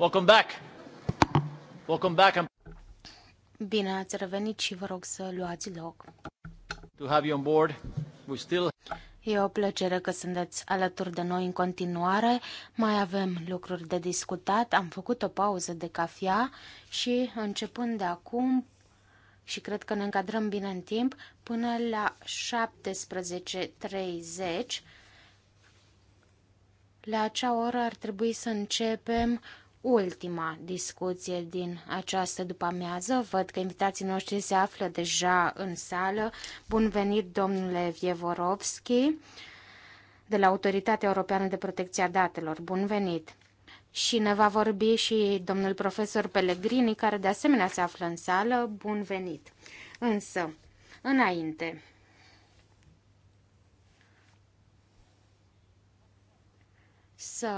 Welcome back. Welcome back. Bine ați revenit și vă rog să luați loc. To have you on board. We still... E o plăcere că sunteți alături de noi în continuare. Mai avem lucruri de discutat. Am făcut o pauză de cafea și începând de acum și cred că ne încadrăm bine în timp, până la 17.30. La acea oră ar trebui să începem ultima discuție din această după-amiază. Văd că invitații noștri se află deja în sală. Bun venit, domnule Vievorovski, de la Autoritatea Europeană de Protecție a Datelor. Bun venit! Și ne va vorbi și domnul profesor Pellegrini, care de asemenea se află în sală. Bun venit! Însă, înainte... Să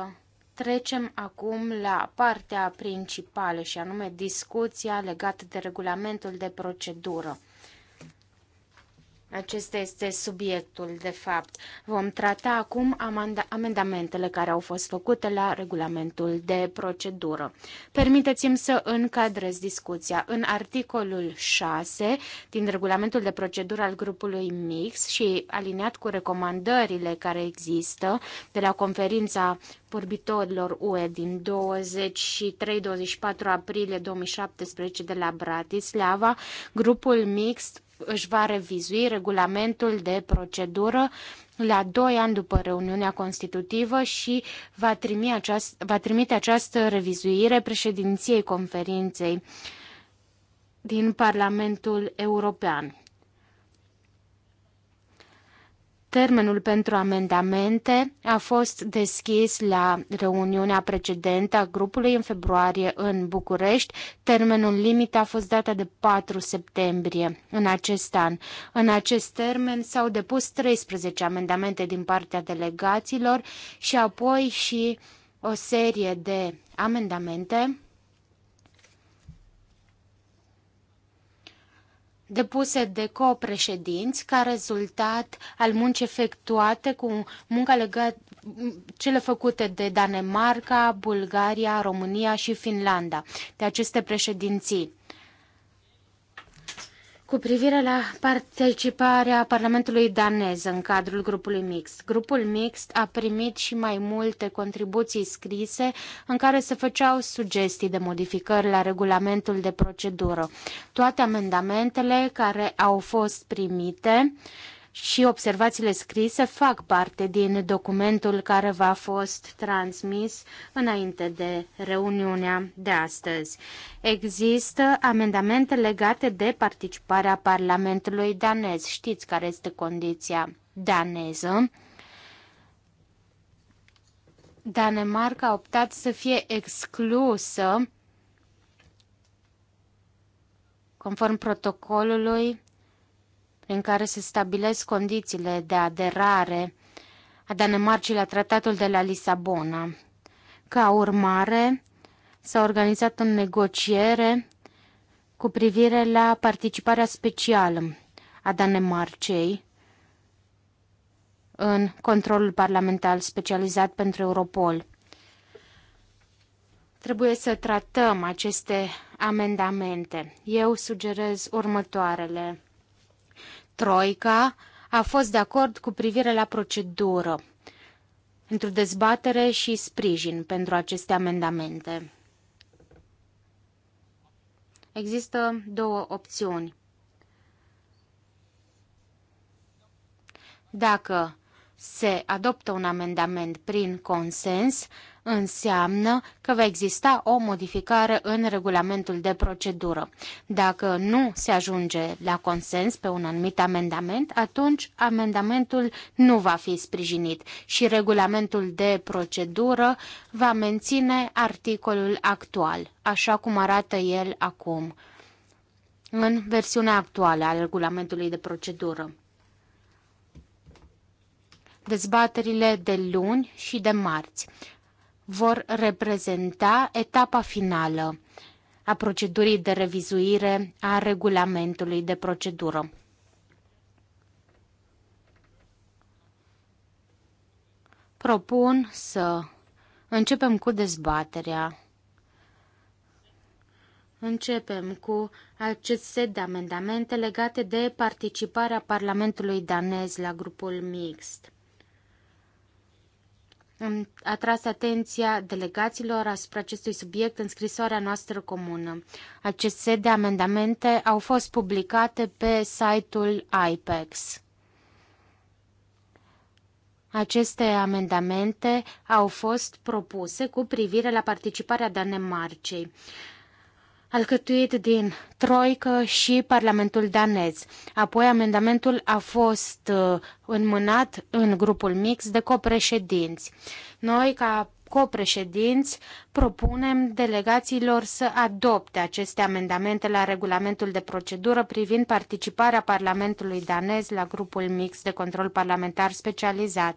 Trecem acum la partea principală și anume discuția legată de regulamentul de procedură. Acesta este subiectul, de fapt. Vom trata acum amendamentele care au fost făcute la regulamentul de procedură. Permiteți-mi să încadrez discuția. În articolul 6 din regulamentul de procedură al grupului MIX și aliniat cu recomandările care există de la conferința vorbitorilor UE din 23-24 aprilie 2017 de la Bratislava, grupul mixt își va revizui regulamentul de procedură la doi ani după reuniunea constitutivă și va, trimi aceast, va trimite această revizuire președinției conferinței din Parlamentul European. Termenul pentru amendamente a fost deschis la reuniunea precedentă a grupului în februarie în București. Termenul limit a fost data de 4 septembrie în acest an. În acest termen s-au depus 13 amendamente din partea delegaților și apoi și o serie de amendamente depuse de copreședinți ca rezultat al muncii efectuate cu munca legată cele făcute de Danemarca, Bulgaria, România și Finlanda, de aceste președinții cu privire la participarea Parlamentului danez în cadrul grupului mixt. Grupul mixt a primit și mai multe contribuții scrise în care se făceau sugestii de modificări la regulamentul de procedură. Toate amendamentele care au fost primite și observațiile scrise fac parte din documentul care v-a fost transmis înainte de reuniunea de astăzi. Există amendamente legate de participarea Parlamentului danez. Știți care este condiția daneză. Danemarca a optat să fie exclusă conform protocolului în care se stabilesc condițiile de aderare a Danemarcii la tratatul de la Lisabona. Ca urmare, s-a organizat o negociere cu privire la participarea specială a Danemarcei în controlul parlamentar specializat pentru Europol. Trebuie să tratăm aceste amendamente. Eu sugerez următoarele. Troica a fost de acord cu privire la procedură într-o dezbatere și sprijin pentru aceste amendamente. Există două opțiuni. Dacă se adoptă un amendament prin consens, înseamnă că va exista o modificare în regulamentul de procedură. Dacă nu se ajunge la consens pe un anumit amendament, atunci amendamentul nu va fi sprijinit și regulamentul de procedură va menține articolul actual, așa cum arată el acum, în versiunea actuală a regulamentului de procedură. Dezbaterile de luni și de marți vor reprezenta etapa finală a procedurii de revizuire a regulamentului de procedură. Propun să începem cu dezbaterea. Începem cu acest set de amendamente legate de participarea Parlamentului danez la grupul mixt a atenția delegaților asupra acestui subiect în scrisoarea noastră comună. Acest set de amendamente au fost publicate pe site-ul IPEX. Aceste amendamente au fost propuse cu privire la participarea Danemarcei alcătuit din Troică și Parlamentul danez. Apoi amendamentul a fost uh, înmânat în grupul mix de copreședinți. Noi, ca copreședinți, propunem delegațiilor să adopte aceste amendamente la regulamentul de procedură privind participarea Parlamentului danez la grupul mix de control parlamentar specializat.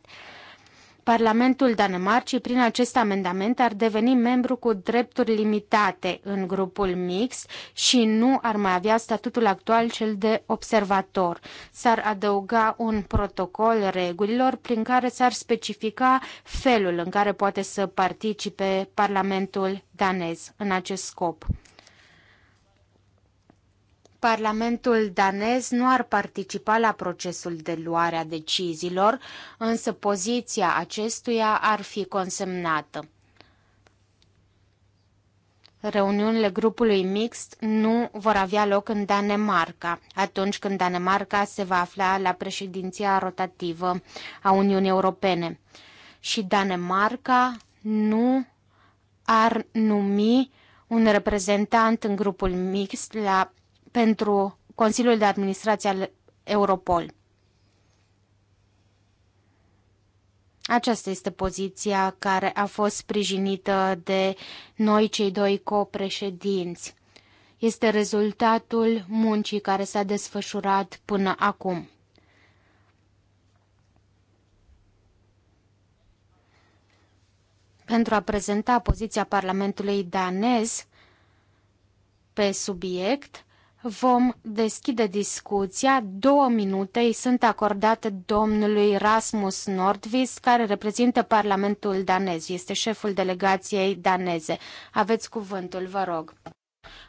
Parlamentul Danemarcii, prin acest amendament, ar deveni membru cu drepturi limitate în grupul mix și nu ar mai avea statutul actual cel de observator. S-ar adăuga un protocol regulilor prin care s-ar specifica felul în care poate să participe Parlamentul danez în acest scop. Parlamentul danez nu ar participa la procesul de luare a deciziilor, însă poziția acestuia ar fi consemnată. Reuniunile grupului mixt nu vor avea loc în Danemarca, atunci când Danemarca se va afla la președinția rotativă a Uniunii Europene. Și Danemarca nu ar numi un reprezentant în grupul mixt la pentru Consiliul de Administrație al Europol. Aceasta este poziția care a fost sprijinită de noi cei doi copreședinți. Este rezultatul muncii care s-a desfășurat până acum. Pentru a prezenta poziția Parlamentului danez pe subiect, Vom deschide discuția. Două minute îi sunt acordate domnului Rasmus Nordvis, care reprezintă Parlamentul danez. Este șeful delegației daneze. Aveți cuvântul, vă rog.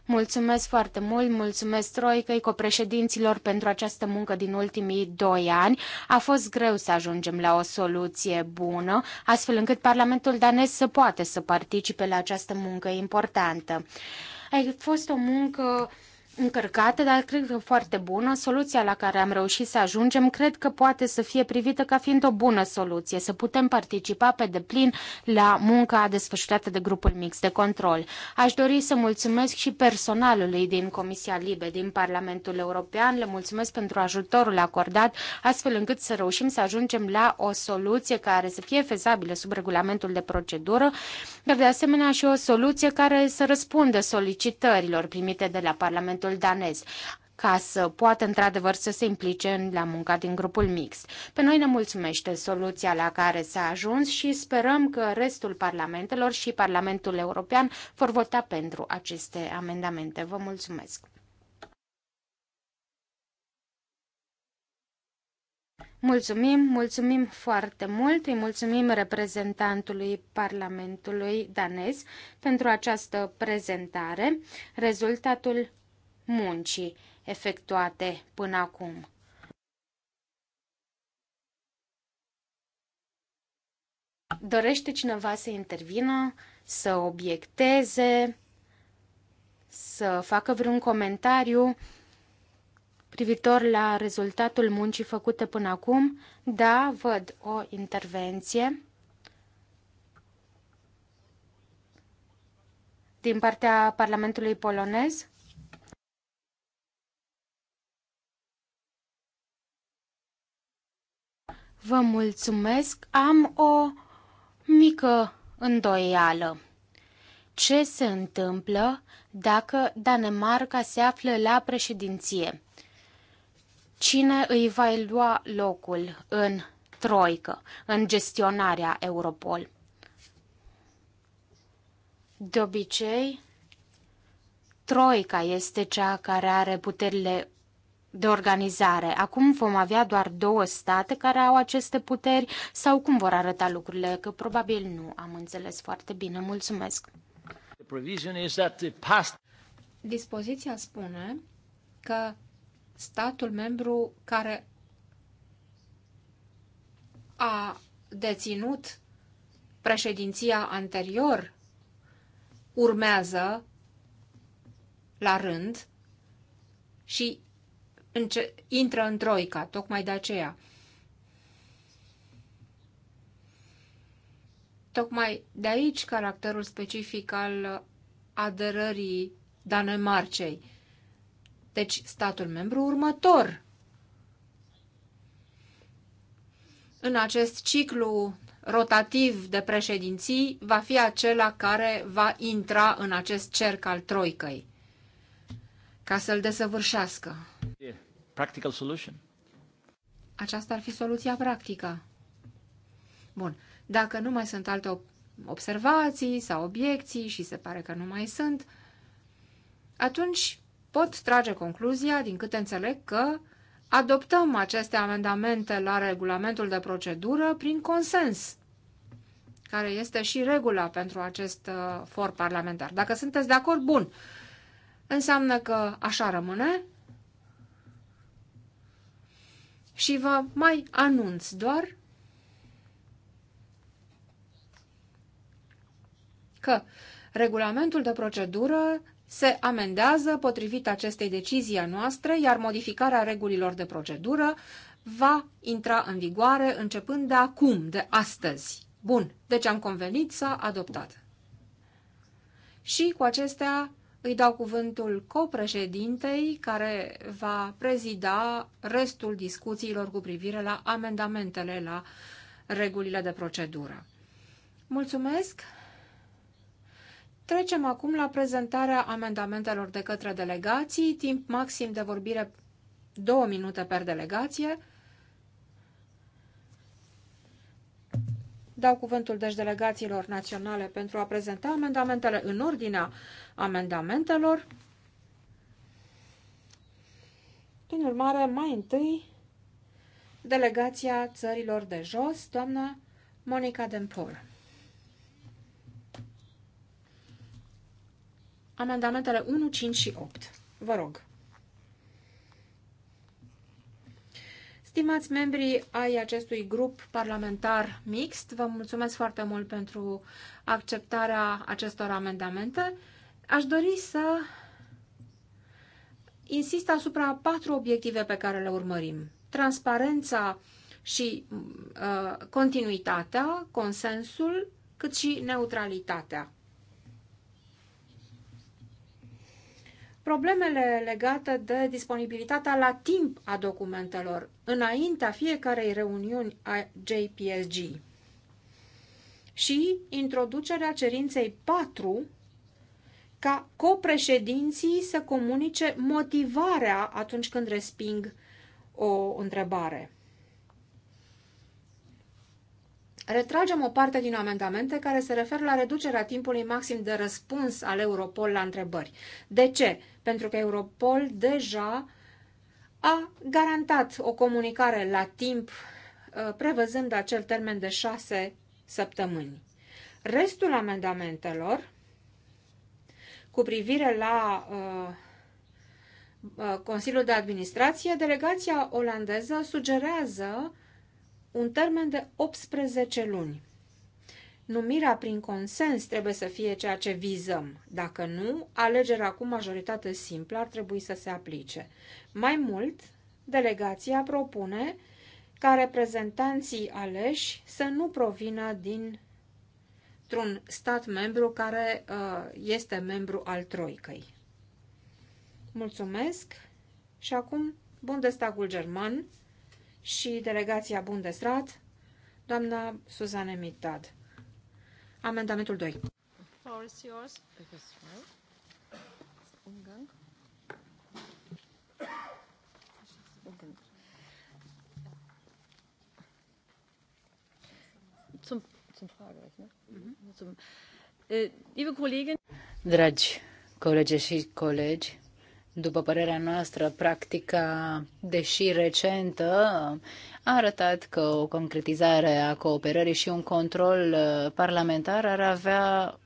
Mulțumesc foarte mult, mulțumesc Troicăi, copreședinților pentru această muncă din ultimii doi ani. A fost greu să ajungem la o soluție bună, astfel încât Parlamentul danez să poată să participe la această muncă importantă. A fost o muncă încărcată, dar cred că foarte bună. Soluția la care am reușit să ajungem cred că poate să fie privită ca fiind o bună soluție, să putem participa pe deplin la munca desfășurată de grupul mix de control. Aș dori să mulțumesc și personalului din Comisia Libe din Parlamentul European, le mulțumesc pentru ajutorul acordat, astfel încât să reușim să ajungem la o soluție care să fie fezabilă sub regulamentul de procedură, dar de asemenea și o soluție care să răspundă solicitărilor primite de la Parlamentul Parlamentul danez ca să poată într-adevăr să se implice în la munca din grupul mix. Pe noi ne mulțumește soluția la care s-a ajuns și sperăm că restul parlamentelor și Parlamentul European vor vota pentru aceste amendamente. Vă mulțumesc! Mulțumim, mulțumim foarte mult, îi mulțumim reprezentantului Parlamentului danez pentru această prezentare. Rezultatul muncii efectuate până acum. Dorește cineva să intervină, să obiecteze, să facă vreun comentariu privitor la rezultatul muncii făcute până acum? Da, văd o intervenție. Din partea Parlamentului polonez? Vă mulțumesc. Am o mică îndoială. Ce se întâmplă dacă Danemarca se află la președinție? Cine îi va lua locul în troică, în gestionarea Europol? De obicei, troica este cea care are puterile de organizare. Acum vom avea doar două state care au aceste puteri sau cum vor arăta lucrurile? Că probabil nu am înțeles foarte bine. Mulțumesc! Dispoziția spune că statul membru care a deținut președinția anterior urmează la rând și înce- intră în troica, tocmai de aceea. Tocmai de aici caracterul specific al aderării Danemarcei. Deci statul membru următor. În acest ciclu rotativ de președinții va fi acela care va intra în acest cerc al troicăi ca să-l desăvârșească. Yeah practical solution. Aceasta ar fi soluția practică. Bun. Dacă nu mai sunt alte observații sau obiecții și se pare că nu mai sunt, atunci pot trage concluzia, din câte înțeleg, că adoptăm aceste amendamente la regulamentul de procedură prin consens, care este și regula pentru acest uh, for parlamentar. Dacă sunteți de acord, bun. Înseamnă că așa rămâne și vă mai anunț doar că regulamentul de procedură se amendează potrivit acestei decizii a noastre, iar modificarea regulilor de procedură va intra în vigoare începând de acum, de astăzi. Bun, deci am convenit să adoptat. Și cu acestea îi dau cuvântul copreședintei care va prezida restul discuțiilor cu privire la amendamentele la regulile de procedură. Mulțumesc! Trecem acum la prezentarea amendamentelor de către delegații, timp maxim de vorbire 2 minute per delegație, Dau cuvântul deci delegațiilor naționale pentru a prezenta amendamentele în ordinea amendamentelor. Prin urmare, mai întâi, delegația țărilor de jos, doamna Monica Dempor. Amendamentele 1, 5 și 8. Vă rog. Stimați membrii ai acestui grup parlamentar mixt, vă mulțumesc foarte mult pentru acceptarea acestor amendamente. Aș dori să insist asupra patru obiective pe care le urmărim. Transparența și uh, continuitatea, consensul, cât și neutralitatea. problemele legate de disponibilitatea la timp a documentelor înaintea fiecarei reuniuni a JPSG și introducerea cerinței 4 ca copreședinții să comunice motivarea atunci când resping o întrebare. retragem o parte din amendamente care se referă la reducerea timpului maxim de răspuns al Europol la întrebări. De ce? Pentru că Europol deja a garantat o comunicare la timp, uh, prevăzând acel termen de șase săptămâni. Restul amendamentelor, cu privire la uh, uh Consiliul de Administrație, delegația olandeză sugerează un termen de 18 luni. Numirea prin consens trebuie să fie ceea ce vizăm. Dacă nu, alegerea cu majoritate simplă ar trebui să se aplice. Mai mult, delegația propune ca reprezentanții aleși să nu provină din un stat membru care uh, este membru al Troicăi. Mulțumesc și acum Bundestagul German și delegația Bundesrat, doamna Suzanne Mittad. Amendamentul 2. Mhm. Äh, Dragi colegi și colegi, după părerea noastră, practica, deși recentă, a arătat că o concretizare a cooperării și un control uh, parlamentar ar avea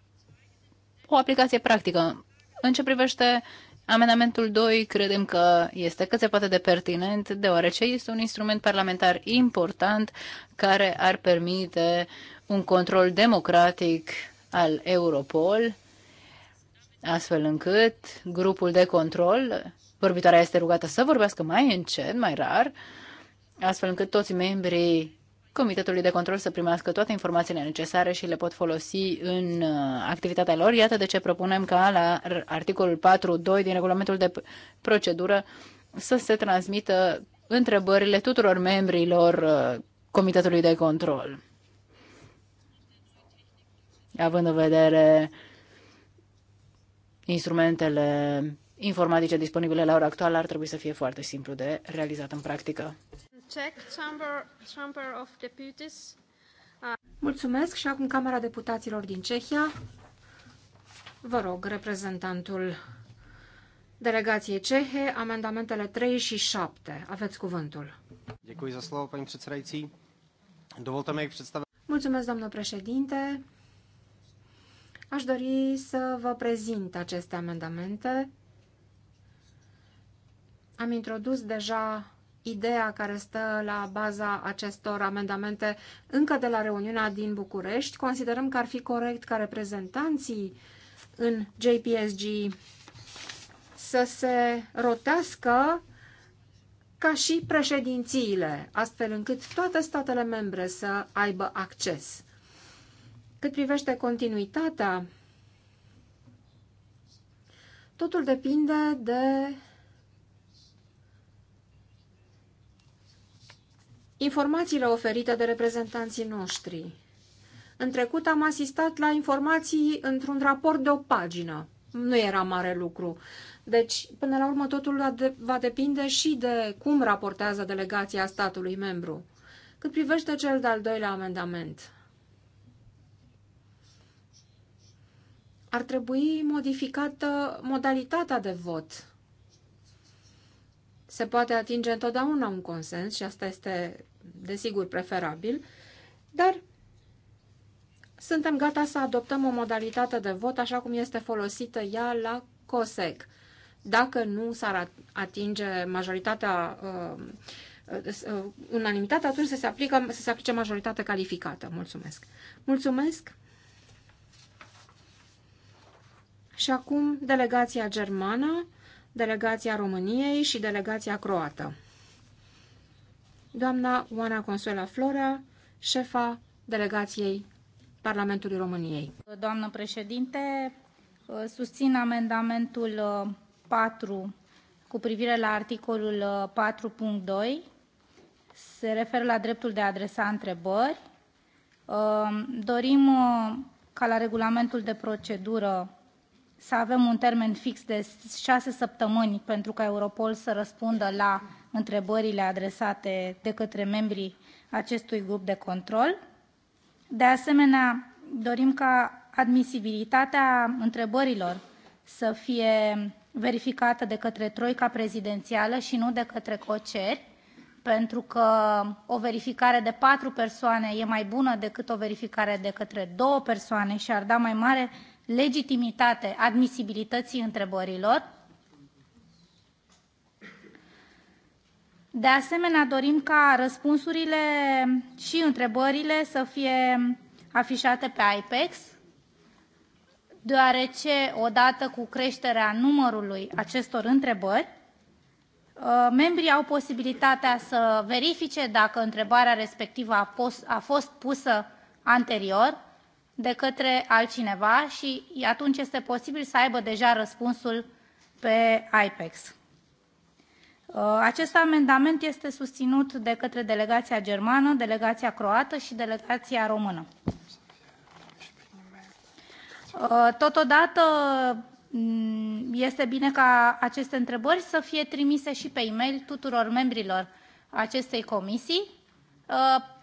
o aplicație practică. În ce privește amendamentul 2, credem că este cât se poate de pertinent, deoarece este un instrument parlamentar important care ar permite un control democratic al Europol astfel încât grupul de control, vorbitoarea este rugată să vorbească mai încet, mai rar, astfel încât toți membrii Comitetului de Control să primească toate informațiile necesare și le pot folosi în uh, activitatea lor. Iată de ce propunem ca la articolul 4.2 din regulamentul de procedură să se transmită întrebările tuturor membrilor uh, Comitetului de Control. Având în vedere instrumentele informatice disponibile la ora actuală ar trebui să fie foarte simplu de realizat în practică. Mulțumesc și acum Camera Deputaților din Cehia. Vă rog, reprezentantul delegației cehe, amendamentele 3 și 7. Aveți cuvântul. Mulțumesc, doamnă președinte. Aș dori să vă prezint aceste amendamente. Am introdus deja ideea care stă la baza acestor amendamente încă de la reuniunea din București. Considerăm că ar fi corect ca reprezentanții în JPSG să se rotească ca și președințiile, astfel încât toate statele membre să aibă acces. Cât privește continuitatea, totul depinde de informațiile oferite de reprezentanții noștri. În trecut am asistat la informații într-un raport de o pagină. Nu era mare lucru. Deci, până la urmă, totul va depinde și de cum raportează delegația statului membru. Cât privește cel de-al doilea amendament, ar trebui modificată modalitatea de vot. Se poate atinge întotdeauna un consens și asta este, desigur, preferabil, dar suntem gata să adoptăm o modalitate de vot așa cum este folosită ea la COSEC. Dacă nu s-ar atinge majoritatea, uh, uh, unanimitatea, atunci să se, aplică, să se aplice majoritatea calificată. Mulțumesc. Mulțumesc. și acum delegația germană, delegația României și delegația croată. Doamna Oana Consuela Flora, șefa delegației Parlamentului României. Doamnă președinte, susțin amendamentul 4 uh, cu privire la articolul 4.2. Uh, Se referă la dreptul de a adresa întrebări. Uh, dorim ca la regulamentul de procedură să avem un termen fix de șase săptămâni pentru ca Europol să răspundă la întrebările adresate de către membrii acestui grup de control. De asemenea, dorim ca admisibilitatea întrebărilor să fie verificată de către Troica prezidențială și nu de către coceri, pentru că o verificare de patru persoane e mai bună decât o verificare de către două persoane și ar da mai mare legitimitate admisibilității întrebărilor. De asemenea, dorim ca răspunsurile și întrebările să fie afișate pe IPEX, deoarece odată cu creșterea numărului acestor întrebări, ă, membrii au posibilitatea să verifice dacă întrebarea respectivă a, a fost pusă anterior de către altcineva și atunci este posibil să aibă deja răspunsul pe IPEX. Uh, acest amendament este susținut de către delegația germană, delegația croată și delegația română. Uh, totodată mm, este bine ca aceste întrebări să fie trimise și pe e-mail tuturor membrilor acestei comisii uh,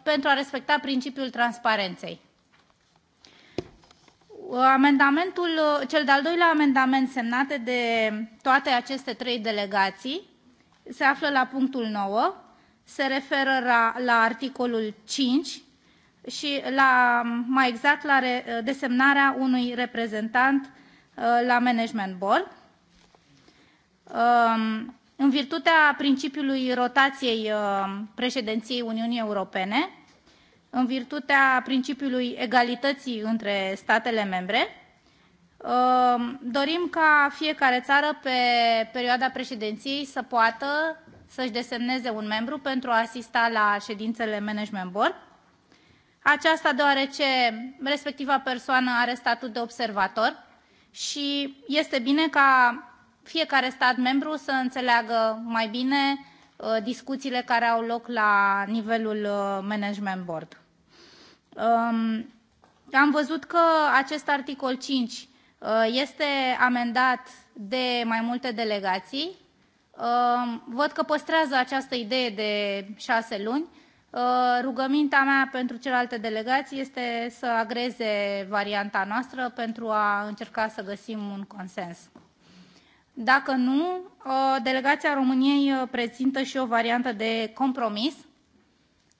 pentru a respecta principiul transparenței. Amendamentul, cel de-al doilea amendament semnat de toate aceste trei delegații se află la punctul 9, se referă la, la articolul 5 și la, mai exact la re, desemnarea unui reprezentant uh, la Management Board. Um, în virtutea principiului rotației uh, președinției Uniunii Europene, în virtutea principiului egalității între statele membre. Ehm, dorim ca fiecare țară pe perioada președinției să poată să-și desemneze un membru pentru a asista la ședințele Management Board. Aceasta deoarece respectiva persoană are statut de observator și este bine ca fiecare stat membru să înțeleagă mai bine Uh, discuțiile care au loc la nivelul uh, management board. Um, am văzut că acest articol 5 uh, este amendat de mai multe delegații. Um, văd că păstrează această idee de șase luni. Rugămintea mea pentru celelalte delegații este să agreze varianta noastră pentru a încerca să găsim un consens. Dacă nu, uh, delegația României uh, prezintă și o variantă de compromis,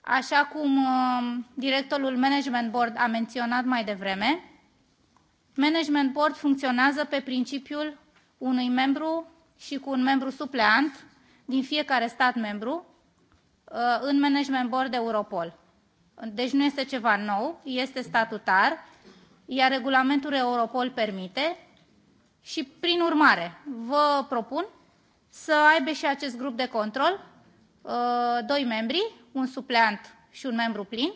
așa cum uh, directorul Management Board a menționat mai devreme. Management Board funcționează pe principiul unui membru și cu un membru supleant din fiecare stat membru în Management Board de Europol. Deci nu este ceva nou, este statutar, iar regulamentul Europol permite și, prin urmare, vă propun să aibă și acest grup de control uh, doi membri, un supleant și un membru plin,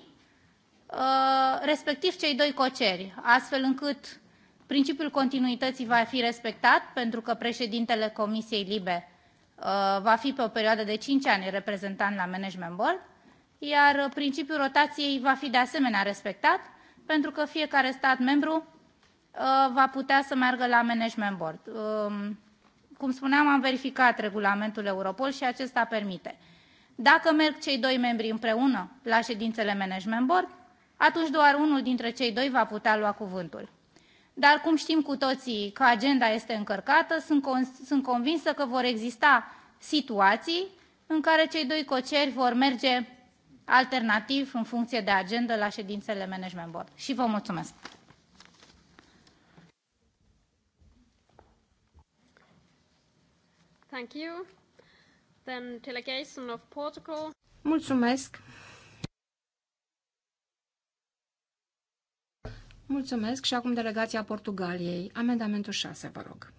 uh, respectiv cei doi coceri, astfel încât principiul continuității va fi respectat, pentru că președintele Comisiei Libe uh, va fi pe o perioadă de 5 ani reprezentant la Management Board, iar principiul rotației va fi de asemenea respectat, pentru că fiecare stat membru Uh, va putea să meargă la management board. Um, cum spuneam, am verificat regulamentul Europol și acesta permite. Dacă merg cei doi membri împreună la ședințele management board, atunci doar unul dintre cei doi va putea lua cuvântul. Dar cum știm cu toții că agenda este încărcată, sunt, con- sunt convinsă că vor exista situații în care cei doi coceri vor merge alternativ în funcție de agenda la ședințele management board. Și vă mulțumesc! Thank you. Then delegation of Portugal. Mulțumesc. Mulțumesc și acum delegația Portugaliei. Amendamentul 6, vă rog.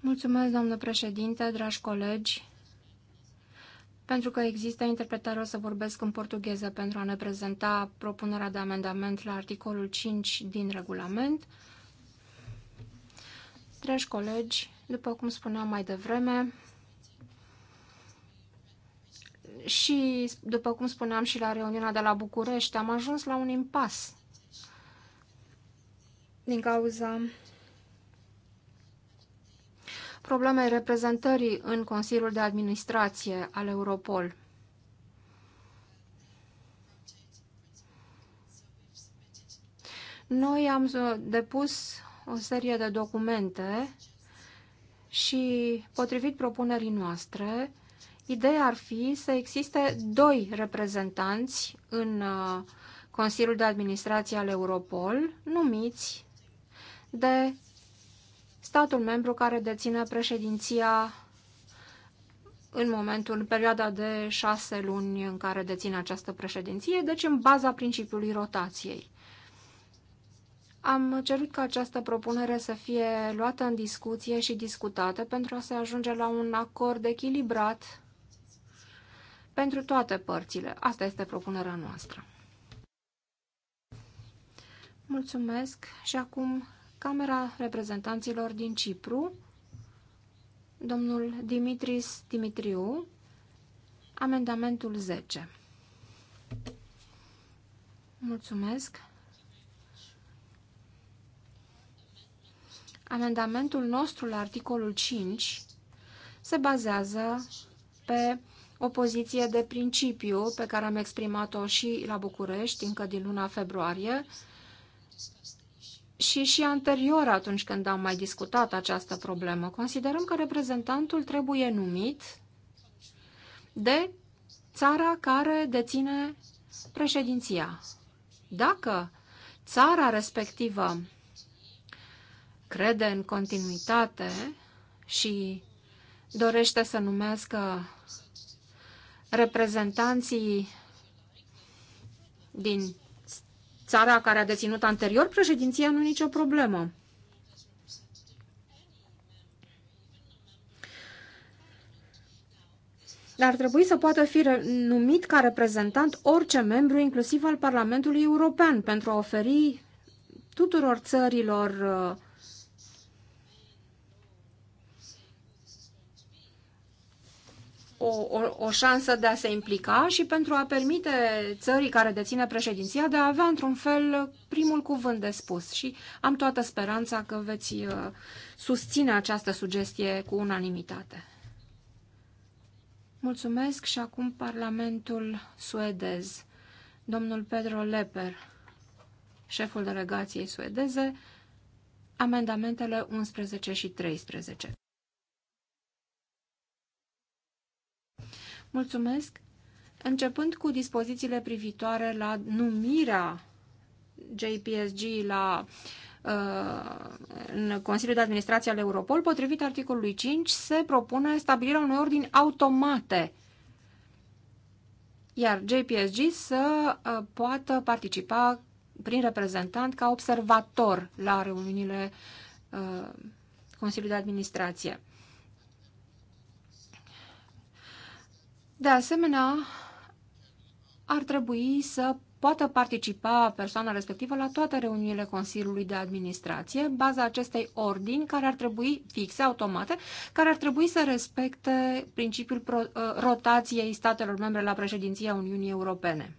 Mulțumesc, doamnă președinte, dragi colegi. Pentru că există interpretare, o să vorbesc în portugheză pentru a ne prezenta propunerea de amendament la articolul 5 din regulament. Dragi colegi, după cum spuneam mai devreme, și după cum spuneam și la reuniunea de la București, am ajuns la un impas din cauza problemei reprezentării în Consiliul de Administrație al Europol. Noi am uh, depus o serie de documente și, potrivit propunerii noastre, ideea ar fi să existe doi reprezentanți în uh, Consiliul de Administrație al Europol, numiți de statul membru care deține președinția în momentul, în perioada de șase luni în care deține această președinție, deci în baza principiului rotației. Am cerut ca această propunere să fie luată în discuție și discutată pentru a se ajunge la un acord echilibrat pentru toate părțile. Asta este propunerea noastră. Mulțumesc și acum Camera Reprezentanților din Cipru, domnul Dimitris Dimitriu, amendamentul 10. Mulțumesc. Amendamentul nostru la articolul 5 se bazează pe o poziție de principiu pe care am exprimat-o și la București încă din luna februarie și și anterior atunci când am mai discutat această problemă. Considerăm că reprezentantul trebuie numit de țara care deține președinția. Dacă țara respectivă crede în continuitate și dorește să numească reprezentanții din țara care a deținut anterior președinția, nu nicio problemă. Dar ar trebui să poată fi numit ca reprezentant orice membru, inclusiv al Parlamentului European, pentru a oferi tuturor țărilor uh, o, o, o șansă de a se implica și pentru a permite țării care deține președinția de a avea, într-un fel, primul cuvânt de spus. Și am toată speranța că veți uh, susține această sugestie cu unanimitate. Mulțumesc și acum Parlamentul suedez. Domnul Pedro Leper, șeful delegației suedeze, amendamentele 11 și 13. Mulțumesc. Începând cu dispozițiile privitoare la numirea JPSG la uh, în Consiliul de Administrație al Europol, potrivit articolului 5, se propune stabilirea unei ordini automate, iar JPSG să uh, poată participa prin reprezentant ca observator la reuniunile uh, Consiliului de Administrație. De asemenea, ar trebui să poată participa persoana respectivă la toate reuniunile Consiliului de Administrație, baza acestei ordini care ar trebui fixe, automate, care ar trebui să respecte principiul uh, rotației statelor membre la președinția Uniunii Europene.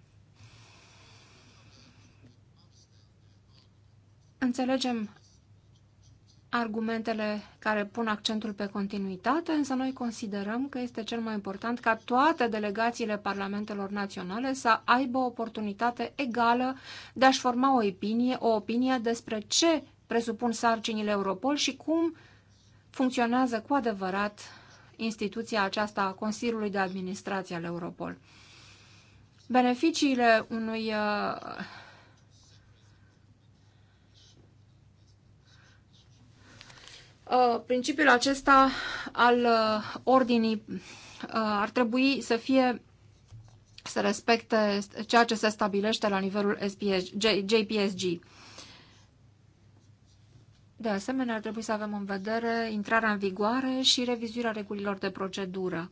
Înțelegem argumentele care pun accentul pe continuitate, însă noi considerăm că este cel mai important ca toate delegațiile parlamentelor naționale să aibă o oportunitate egală de a-și forma o opinie, o opinie despre ce presupun sarcinile Europol și cum funcționează cu adevărat instituția aceasta a Consiliului de Administrație al Europol. Beneficiile unui uh, Uh, principiul acesta al uh, ordinii uh, ar trebui să fie să respecte ceea ce se stabilește la nivelul SPS, JPSG. De asemenea, ar trebui să avem în vedere intrarea în vigoare și revizuirea regulilor de procedură.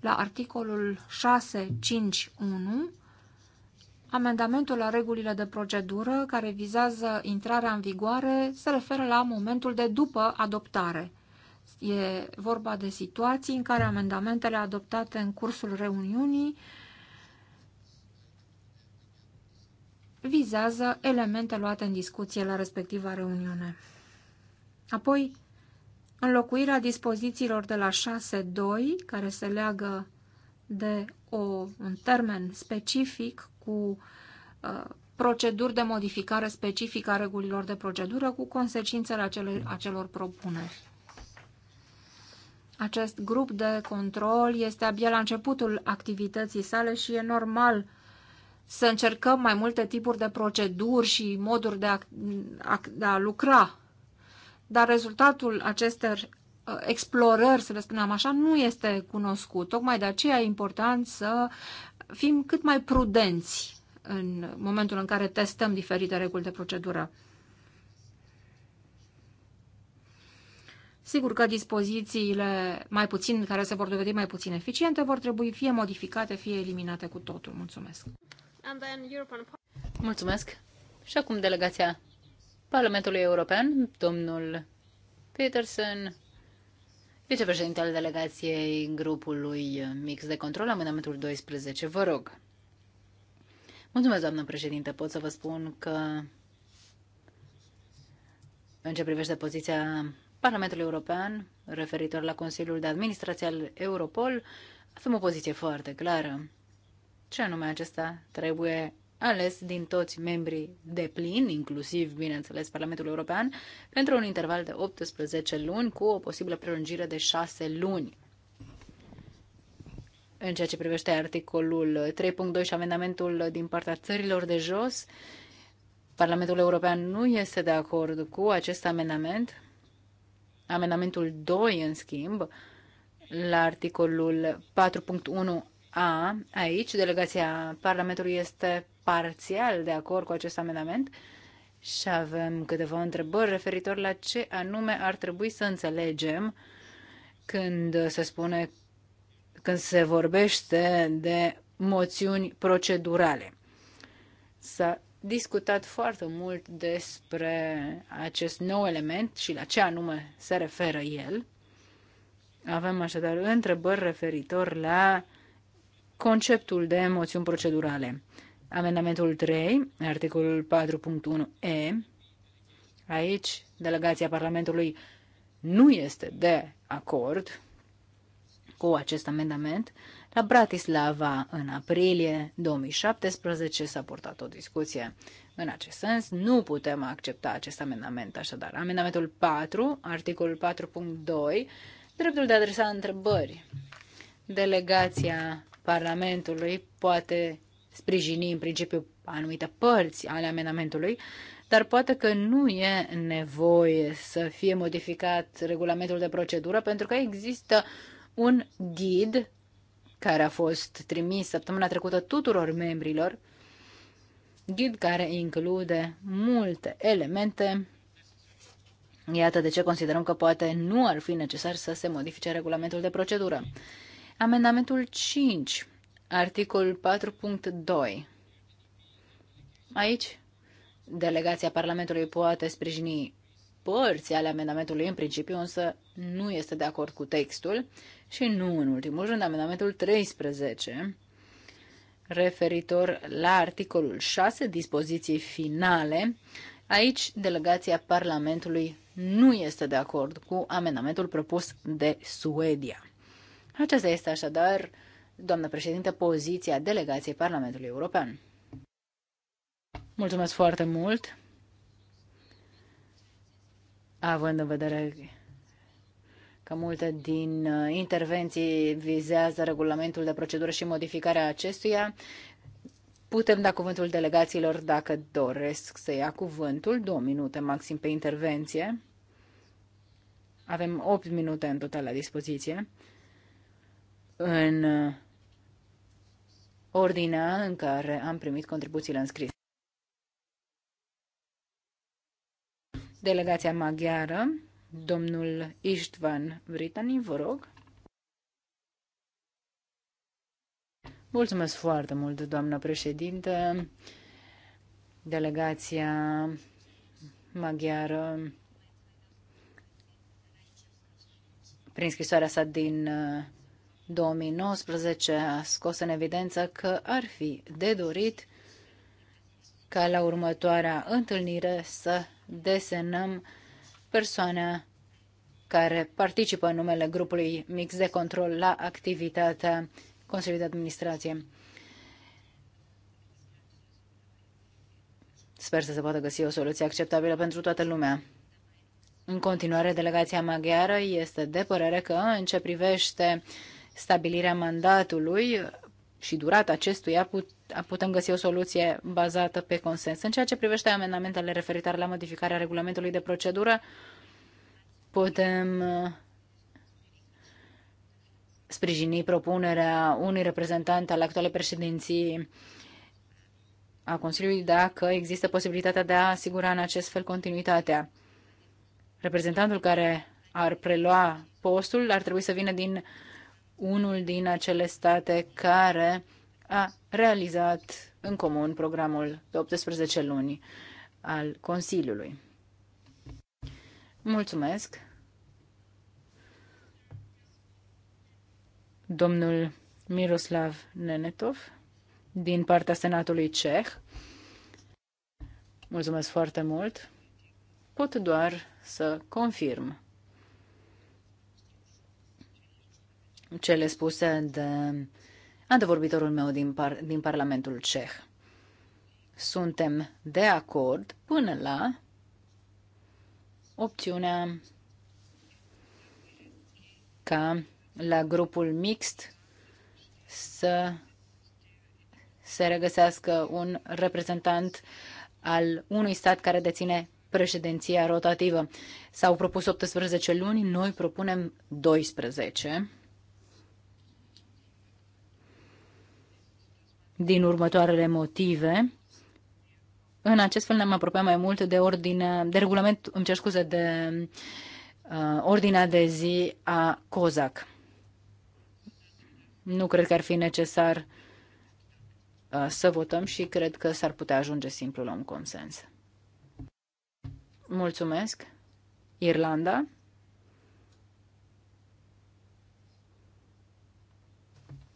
La articolul 651 Amendamentul la regulile de procedură care vizează intrarea în vigoare se referă la momentul de după adoptare. E vorba de situații în care amendamentele adoptate în cursul reuniunii vizează elemente luate în discuție la respectiva reuniune. Apoi, înlocuirea dispozițiilor de la 6.2, care se leagă de o, un termen specific cu uh, proceduri de modificare specifică a regulilor de procedură cu consecințele acele, acelor propuneri. Acest grup de control este abia la începutul activității sale și e normal să încercăm mai multe tipuri de proceduri și moduri de a, de a lucra. Dar rezultatul acestor uh, explorări, să le spunem așa, nu este cunoscut. Tocmai de aceea e important să fim cât mai prudenți în momentul în care testăm diferite reguli de procedură. Sigur că dispozițiile mai puțin, care se vor dovedi mai puțin eficiente, vor trebui fie modificate, fie eliminate cu totul. Mulțumesc! Mulțumesc! Și acum delegația Parlamentului European, domnul Peterson, Vicepreședinte al delegației grupului mix de control, amendamentul 12, vă rog. Mulțumesc, doamnă președinte. Pot să vă spun că în ce privește poziția Parlamentului European referitor la Consiliul de Administrație al Europol, avem o poziție foarte clară. Ce anume acesta trebuie ales din toți membrii de plin, inclusiv, bineînțeles, Parlamentul European, pentru un interval de 18 luni cu o posibilă prelungire de 6 luni. În ceea ce privește articolul 3.2 și amendamentul din partea țărilor de jos, Parlamentul European nu este de acord cu acest amendament. Amendamentul 2, în schimb, la articolul 4.1 a, aici delegația Parlamentului este parțial de acord cu acest amendament și avem câteva întrebări referitor la ce anume ar trebui să înțelegem când se spune, când se vorbește de moțiuni procedurale. S-a discutat foarte mult despre acest nou element și la ce anume se referă el. Avem așadar întrebări referitor la conceptul de moțiuni procedurale. Amendamentul 3, articolul 4.1e, aici delegația Parlamentului nu este de acord cu acest amendament. La Bratislava, în aprilie 2017, s-a purtat o discuție în acest sens. Nu putem accepta acest amendament, așadar. Amendamentul 4, articolul 4.2, dreptul de a adresa întrebări. Delegația Parlamentului poate sprijini în principiu anumite părți ale amendamentului, dar poate că nu e nevoie să fie modificat regulamentul de procedură pentru că există un ghid care a fost trimis săptămâna trecută tuturor membrilor, ghid care include multe elemente. Iată de ce considerăm că poate nu ar fi necesar să se modifice regulamentul de procedură. Amendamentul 5, articol 4.2. Aici, delegația Parlamentului poate sprijini părți ale amendamentului în principiu, însă nu este de acord cu textul și nu în ultimul rând amendamentul 13 referitor la articolul 6, dispoziții finale. Aici, delegația Parlamentului nu este de acord cu amendamentul propus de Suedia. Aceasta este așadar, doamnă președinte, poziția delegației Parlamentului European. Mulțumesc foarte mult! Având în vedere că multe din uh, intervenții vizează regulamentul de procedură și modificarea acestuia, putem da cuvântul delegațiilor dacă doresc să ia cuvântul, două minute maxim pe intervenție. Avem 8 minute în total la dispoziție în uh, ordinea în care am primit contribuțiile înscrise. Delegația maghiară, domnul Istvan Britani, vă rog. Mulțumesc foarte mult, doamnă președintă. Delegația maghiară, prin scrisoarea sa din uh, 2019 a scos în evidență că ar fi de dorit ca la următoarea întâlnire să desenăm persoana care participă în numele grupului mix de control la activitatea Consiliului de Administrație. Sper să se poată găsi o soluție acceptabilă pentru toată lumea. În continuare, delegația maghiară este de părere că, în ce privește uh, stabilirea mandatului și durata acestuia put, putem găsi o soluție bazată pe consens. În ceea ce privește amendamentele referitoare la modificarea regulamentului de procedură, putem uh, sprijini propunerea unui reprezentant al actualei președinții a Consiliului dacă există posibilitatea de a asigura în acest fel continuitatea. Reprezentantul care ar prelua postul ar trebui să vină din unul din acele state care a realizat în comun programul de 18 luni al Consiliului. Mulțumesc! Domnul Miroslav Nenetov, din partea Senatului Ceh. Mulțumesc foarte mult! Pot doar să confirm cele spuse de antevorbitorul meu din, par- din Parlamentul Ceh. Suntem de acord până la opțiunea ca la grupul mixt să se regăsească un reprezentant al unui stat care deține președinția rotativă. S-au propus 18 luni, noi propunem 12. din următoarele motive. În acest fel ne-am apropiat mai mult de ordine, de regulament, îmi cer scuze, de uh, ordinea de zi a COZAC. Nu cred că ar fi necesar uh, să votăm și cred că s-ar putea ajunge simplu la un consens. Mulțumesc. Irlanda.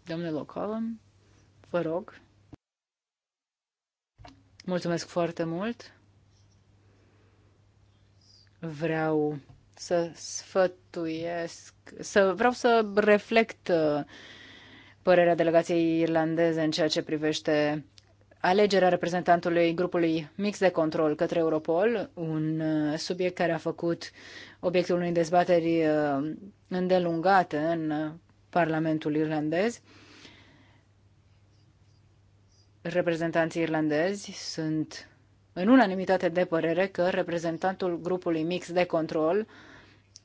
Domnule Lockham. Vă rog. Mulțumesc foarte mult. Vreau să sfătuiesc, să vreau să reflect uh, părerea delegației irlandeze în ceea ce privește alegerea reprezentantului grupului mix de control către Europol, un uh, subiect care a făcut obiectul unei dezbateri uh, îndelungate în Parlamentul irlandez reprezentanții irlandezi sunt în unanimitate de părere că reprezentantul grupului mix de control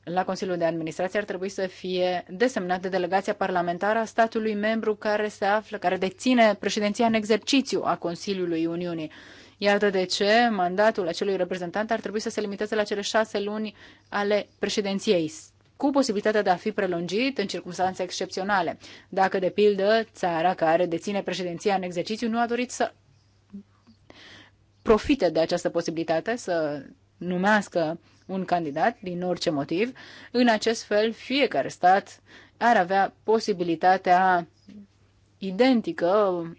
la Consiliul de Administrație ar trebui să fie desemnat de delegația parlamentară a statului membru care se află, care deține președinția în exercițiu a Consiliului Uniunii. Iată de ce mandatul acelui reprezentant ar trebui să se limiteze la cele șase luni ale președinției cu posibilitatea de a fi prelungit în circunstanțe excepționale. Dacă, de pildă, țara care deține președinția în exercițiu nu a dorit să profite de această posibilitate, să numească un candidat din orice motiv. În acest fel, fiecare stat ar avea posibilitatea identică,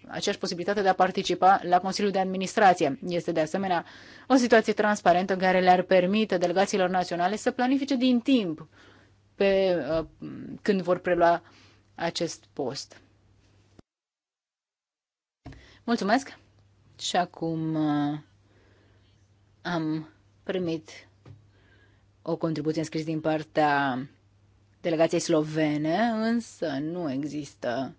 aceeași posibilitate de a participa la Consiliul de Administrație. Este de asemenea o situație transparentă care le-ar permite delegațiilor naționale să planifice din timp pe uh, când vor prelua acest post. Mulțumesc! Și acum uh, am primit o contribuție scrisă din partea delegației slovene, însă nu există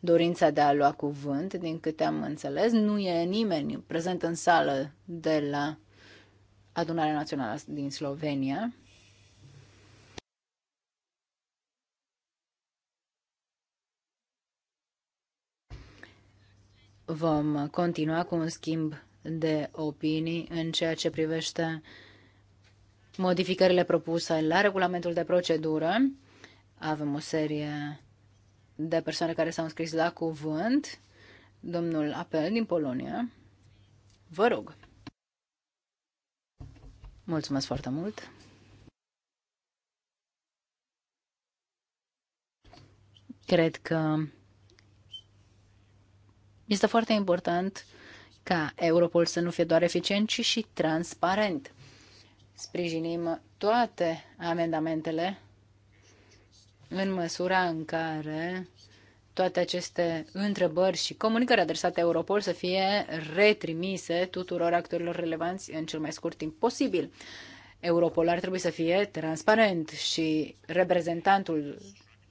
dorința de a lua cuvânt, din câte am înțeles. Nu e nimeni prezent în sală de la Adunarea Națională din Slovenia. vom continua cu un schimb de opinii în ceea ce privește modificările propuse la regulamentul de procedură. Avem o serie de persoane care s-au înscris la cuvânt. Domnul Apel din Polonia, vă rog. Mulțumesc foarte mult. Cred că este foarte important ca Europol să nu fie doar eficient, ci și transparent. Sprijinim toate amendamentele în măsura în care toate aceste întrebări și comunicări adresate Europol să fie retrimise tuturor actorilor relevanți în cel mai scurt timp posibil. Europol ar trebui să fie transparent și reprezentantul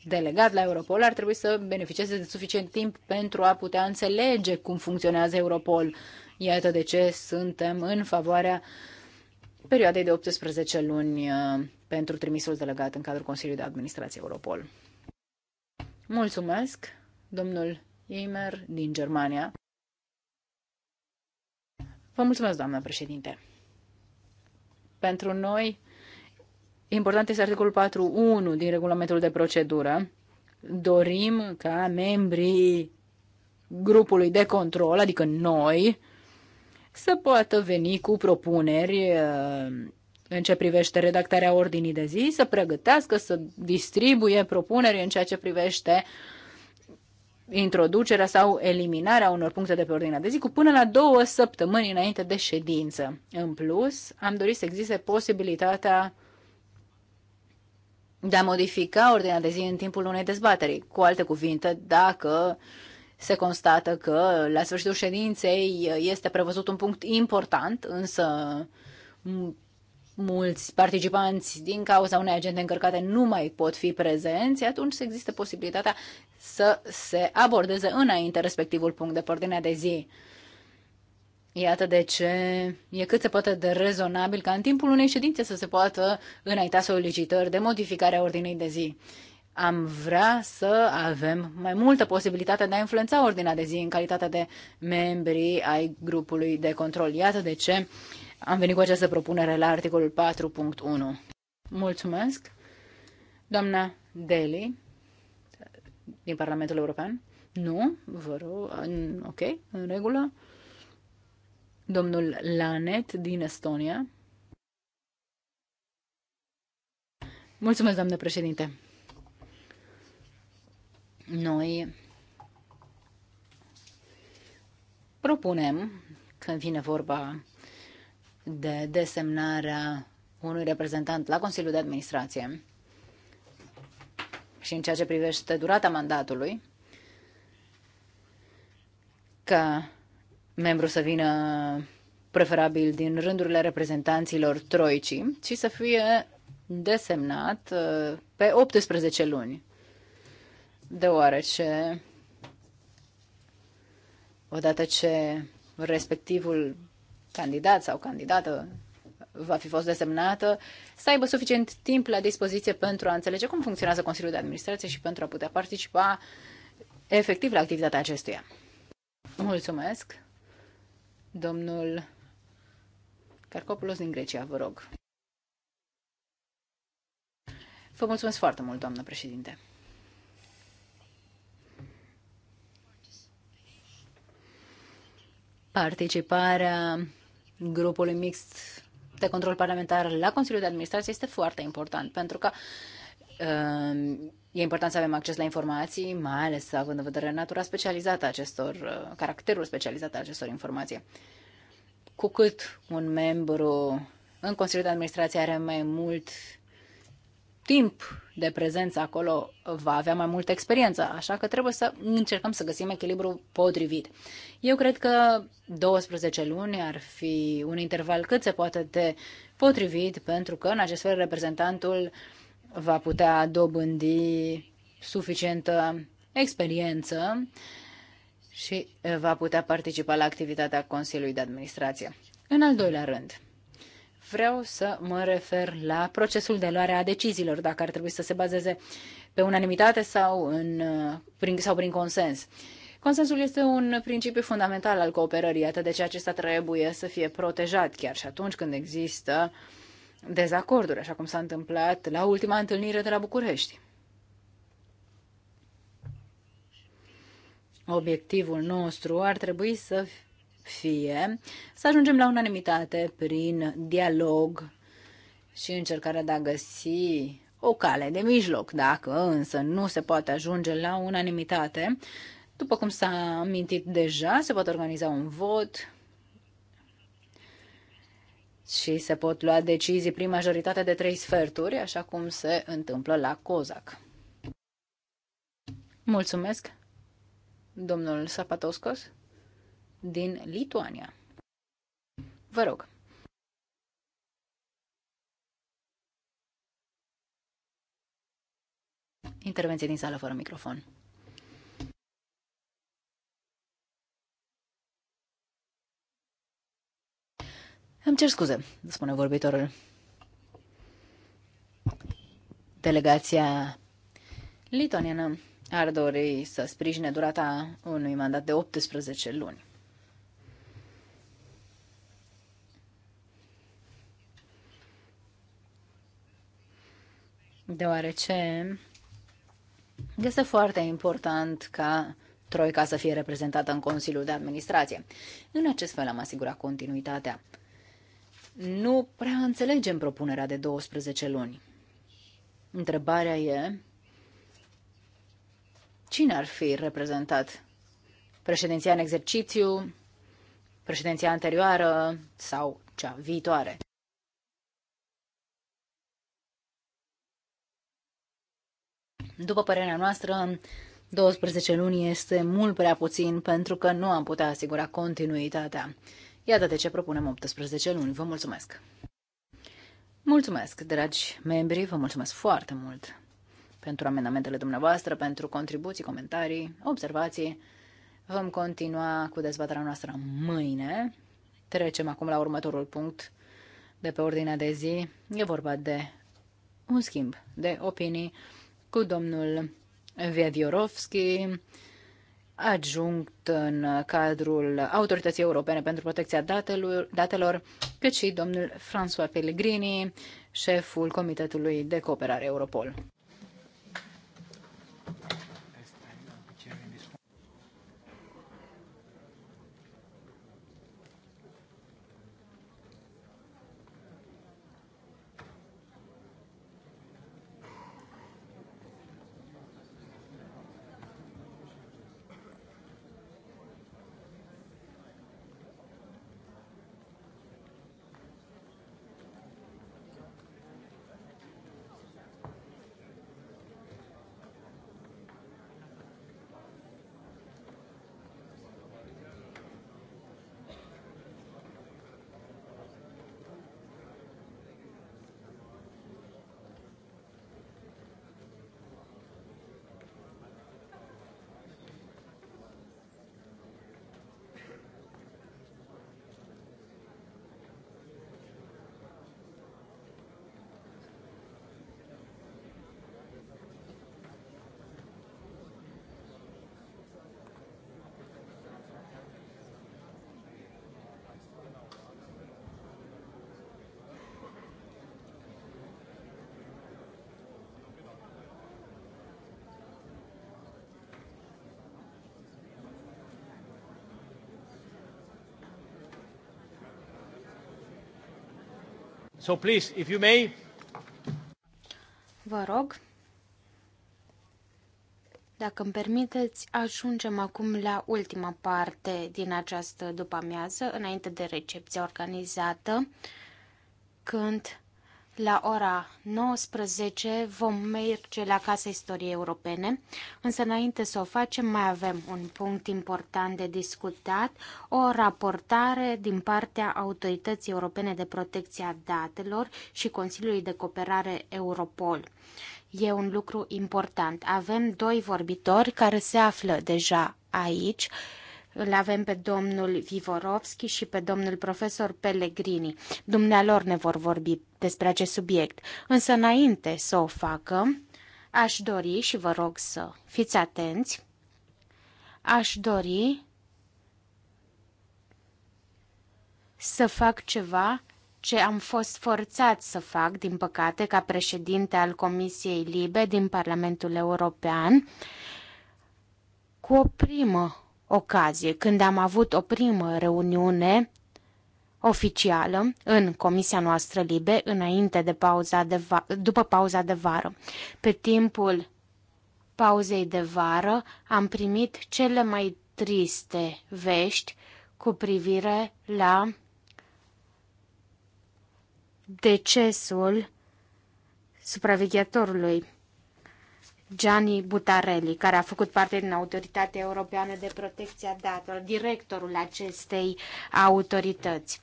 delegat la Europol ar trebui să beneficieze de suficient timp pentru a putea înțelege cum funcționează Europol. Iată de ce suntem în favoarea perioadei de 18 luni uh, pentru trimisul delegat în cadrul Consiliului de Administrație Europol. Mulțumesc, domnul Eimer din Germania. Vă mulțumesc, doamnă președinte. Pentru noi, Important este articolul 4.1 din regulamentul de procedură. Dorim ca membrii grupului de control, adică noi, să poată veni cu propuneri uh, în ce privește redactarea ordinii de zi, să pregătească, să distribuie propuneri în ceea ce privește introducerea sau eliminarea unor puncte de pe ordinea de zi cu până la două săptămâni înainte de ședință. În plus, am dorit să existe posibilitatea de a modifica ordinea de zi în timpul unei dezbateri. Cu alte cuvinte, dacă se constată că la sfârșitul ședinței este prevăzut un punct important, însă mulți participanți din cauza unei agende încărcate nu mai pot fi prezenți, atunci există posibilitatea să se abordeze înainte respectivul punct de ordinea de zi. Iată de ce e cât se poate de rezonabil ca în timpul unei ședințe să se poată înainta solicitări de modificare a ordinii de zi. Am vrea să avem mai multă posibilitate de a influența ordinea de zi în calitate de membri ai grupului de control. Iată de ce am venit cu această propunere la articolul 4.1. Mulțumesc, doamna Deli, din Parlamentul European. Nu, vă rog, ok, în regulă domnul Lanet din Estonia. Mulțumesc, doamnă președinte. Noi propunem, când vine vorba de desemnarea unui reprezentant la Consiliul de Administrație și în ceea ce privește durata mandatului, că membru să vină preferabil din rândurile reprezentanților troicii și să fie desemnat uh, pe 18 luni, deoarece odată ce respectivul candidat sau candidată va fi fost desemnată, să aibă suficient timp la dispoziție pentru a înțelege cum funcționează Consiliul de Administrație și pentru a putea participa efectiv la activitatea acestuia. Mulțumesc! Domnul Carcopulos din Grecia, vă rog. Vă mulțumesc foarte mult, doamnă președinte. Participarea grupului mixt de control parlamentar la Consiliul de Administrație este foarte important, pentru că Ehm, e important să avem acces la informații, mai ales având în vedere natura specializată a acestor, eh, caracterul specializat al acestor informații. Cu cât un membru în Consiliul de Administrație are mai mult timp de prezență acolo, va avea mai multă experiență, așa că trebuie să încercăm să găsim echilibru potrivit. Eu cred că 12 luni ar fi un interval cât se poate de potrivit, pentru că în acest fel reprezentantul uh, va putea dobândi suficientă experiență și va putea participa la activitatea Consiliului de Administrație. În al doilea rând, vreau să mă refer la procesul de luare a deciziilor, dacă ar trebui să se bazeze pe unanimitate sau, în, prin, sau prin consens. Consensul este un principiu fundamental al cooperării, atât de ce acesta trebuie să fie protejat chiar și atunci când există uh, dezacorduri, așa cum s-a întâmplat la ultima întâlnire de la București. Obiectivul nostru ar trebui să fie să ajungem la unanimitate prin dialog și încercarea de a găsi o cale de mijloc. Dacă însă nu se poate ajunge la unanimitate, după cum s-a amintit deja, se poate organiza un vot și se pot lua decizii prin majoritate de trei sferturi, așa cum se întâmplă la COZAC. Mulțumesc, domnul Sapatoscos, din Lituania. Vă rog. Intervenție din sală fără microfon. Îmi cer scuze, spune vorbitorul. Delegația litoniană ar dori să sprijine durata unui mandat de 18 luni. Deoarece este foarte important ca Troica să fie reprezentată în Consiliul de Administrație. În acest fel am asigurat continuitatea nu prea înțelegem propunerea de 12 luni. Întrebarea e, cine ar fi reprezentat? Președinția în exercițiu, președinția anterioară sau cea viitoare? După părerea noastră, 12 luni este mult prea puțin pentru că nu am putea asigura continuitatea. Iată de ce propunem 18 luni. Vă mulțumesc! Mulțumesc, dragi membri, vă mulțumesc foarte mult pentru amendamentele dumneavoastră, pentru contribuții, comentarii, observații. Vom continua cu dezbaterea noastră mâine. Trecem acum la următorul punct de pe ordinea de zi. E vorba de un schimb de opinii cu domnul Veviorovski, adjunct în cadrul Autorității Europene pentru Protecția datelor, datelor, cât și domnul François Pellegrini, șeful Comitetului de Cooperare Europol. So please, if you may. Vă rog. Dacă îmi permiteți, ajungem acum la ultima parte din această după-amiază, înainte de recepția organizată, când la ora 19 vom merge la Casa Istoriei Europene, însă înainte să o facem mai avem un punct important de discutat, o raportare din partea Autorității Europene de Protecție a Datelor și Consiliului de Cooperare Europol. E un lucru important. Avem doi vorbitori care se află deja aici. Îl avem pe domnul Vivorovski și pe domnul profesor Pellegrini. Dumnealor ne vor vorbi despre acest subiect. Însă înainte să o facă, aș dori și vă rog să fiți atenți, aș dori să fac ceva ce am fost forțat să fac, din păcate, ca președinte al Comisiei Libe din Parlamentul European, cu o primă ocazie, când am avut o primă reuniune oficială în comisia noastră libe, înainte de pauza de după pauza de vară. Pe timpul pauzei de vară am primit cele mai triste vești cu privire la decesul supraveghetorului Gianni Butarelli, care a făcut parte din Autoritatea Europeană de Protecție a Datelor, directorul acestei autorități.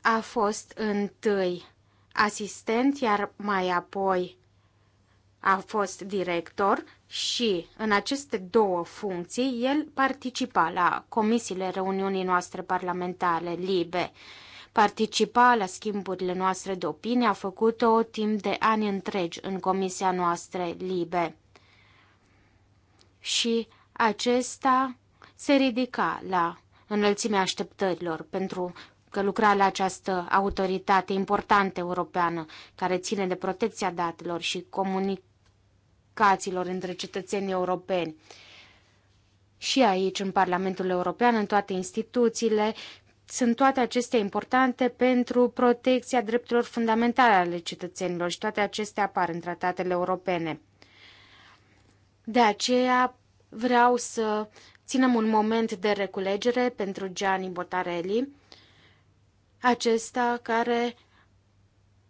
A fost întâi asistent, iar mai apoi a fost director și în aceste două funcții el participa la comisiile reuniunii noastre parlamentare libe participa la schimburile noastre de opinie, a făcut-o timp de ani întregi în comisia noastră LIBE. Și acesta se ridica la înălțimea așteptărilor pentru că lucra la această autoritate importantă europeană care ține de protecția datelor și comunicațiilor între cetățenii europeni. Și aici, în Parlamentul European, în toate instituțiile, sunt toate acestea importante pentru protecția drepturilor fundamentale ale cetățenilor și toate acestea apar în tratatele europene. De aceea vreau să ținem un moment de reculegere pentru Gianni Botarelli, acesta care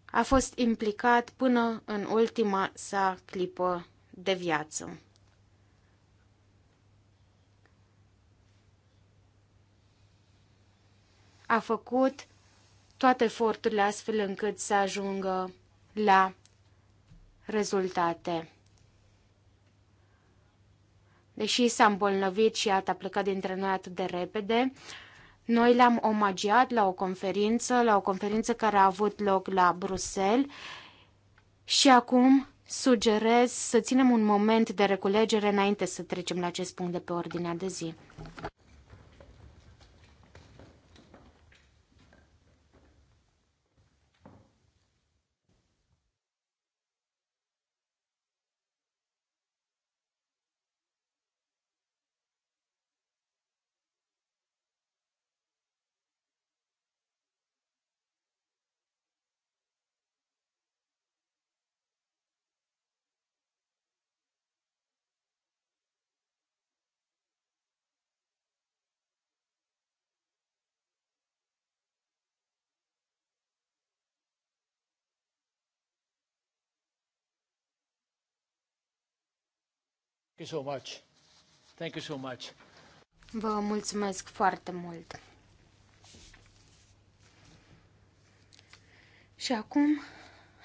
a fost implicat până în ultima sa clipă de viață. a făcut toate eforturile astfel încât să ajungă la rezultate. Deși s-a îmbolnăvit și iată a plecat dintre noi atât de repede, noi l-am omagiat la o conferință, la o conferință care a avut loc la Bruxelles și acum sugerez să ținem un moment de reculegere înainte să trecem la acest punct de pe ordinea de zi. Thank you so much. Thank you so much. Vă mulțumesc foarte mult. Și acum,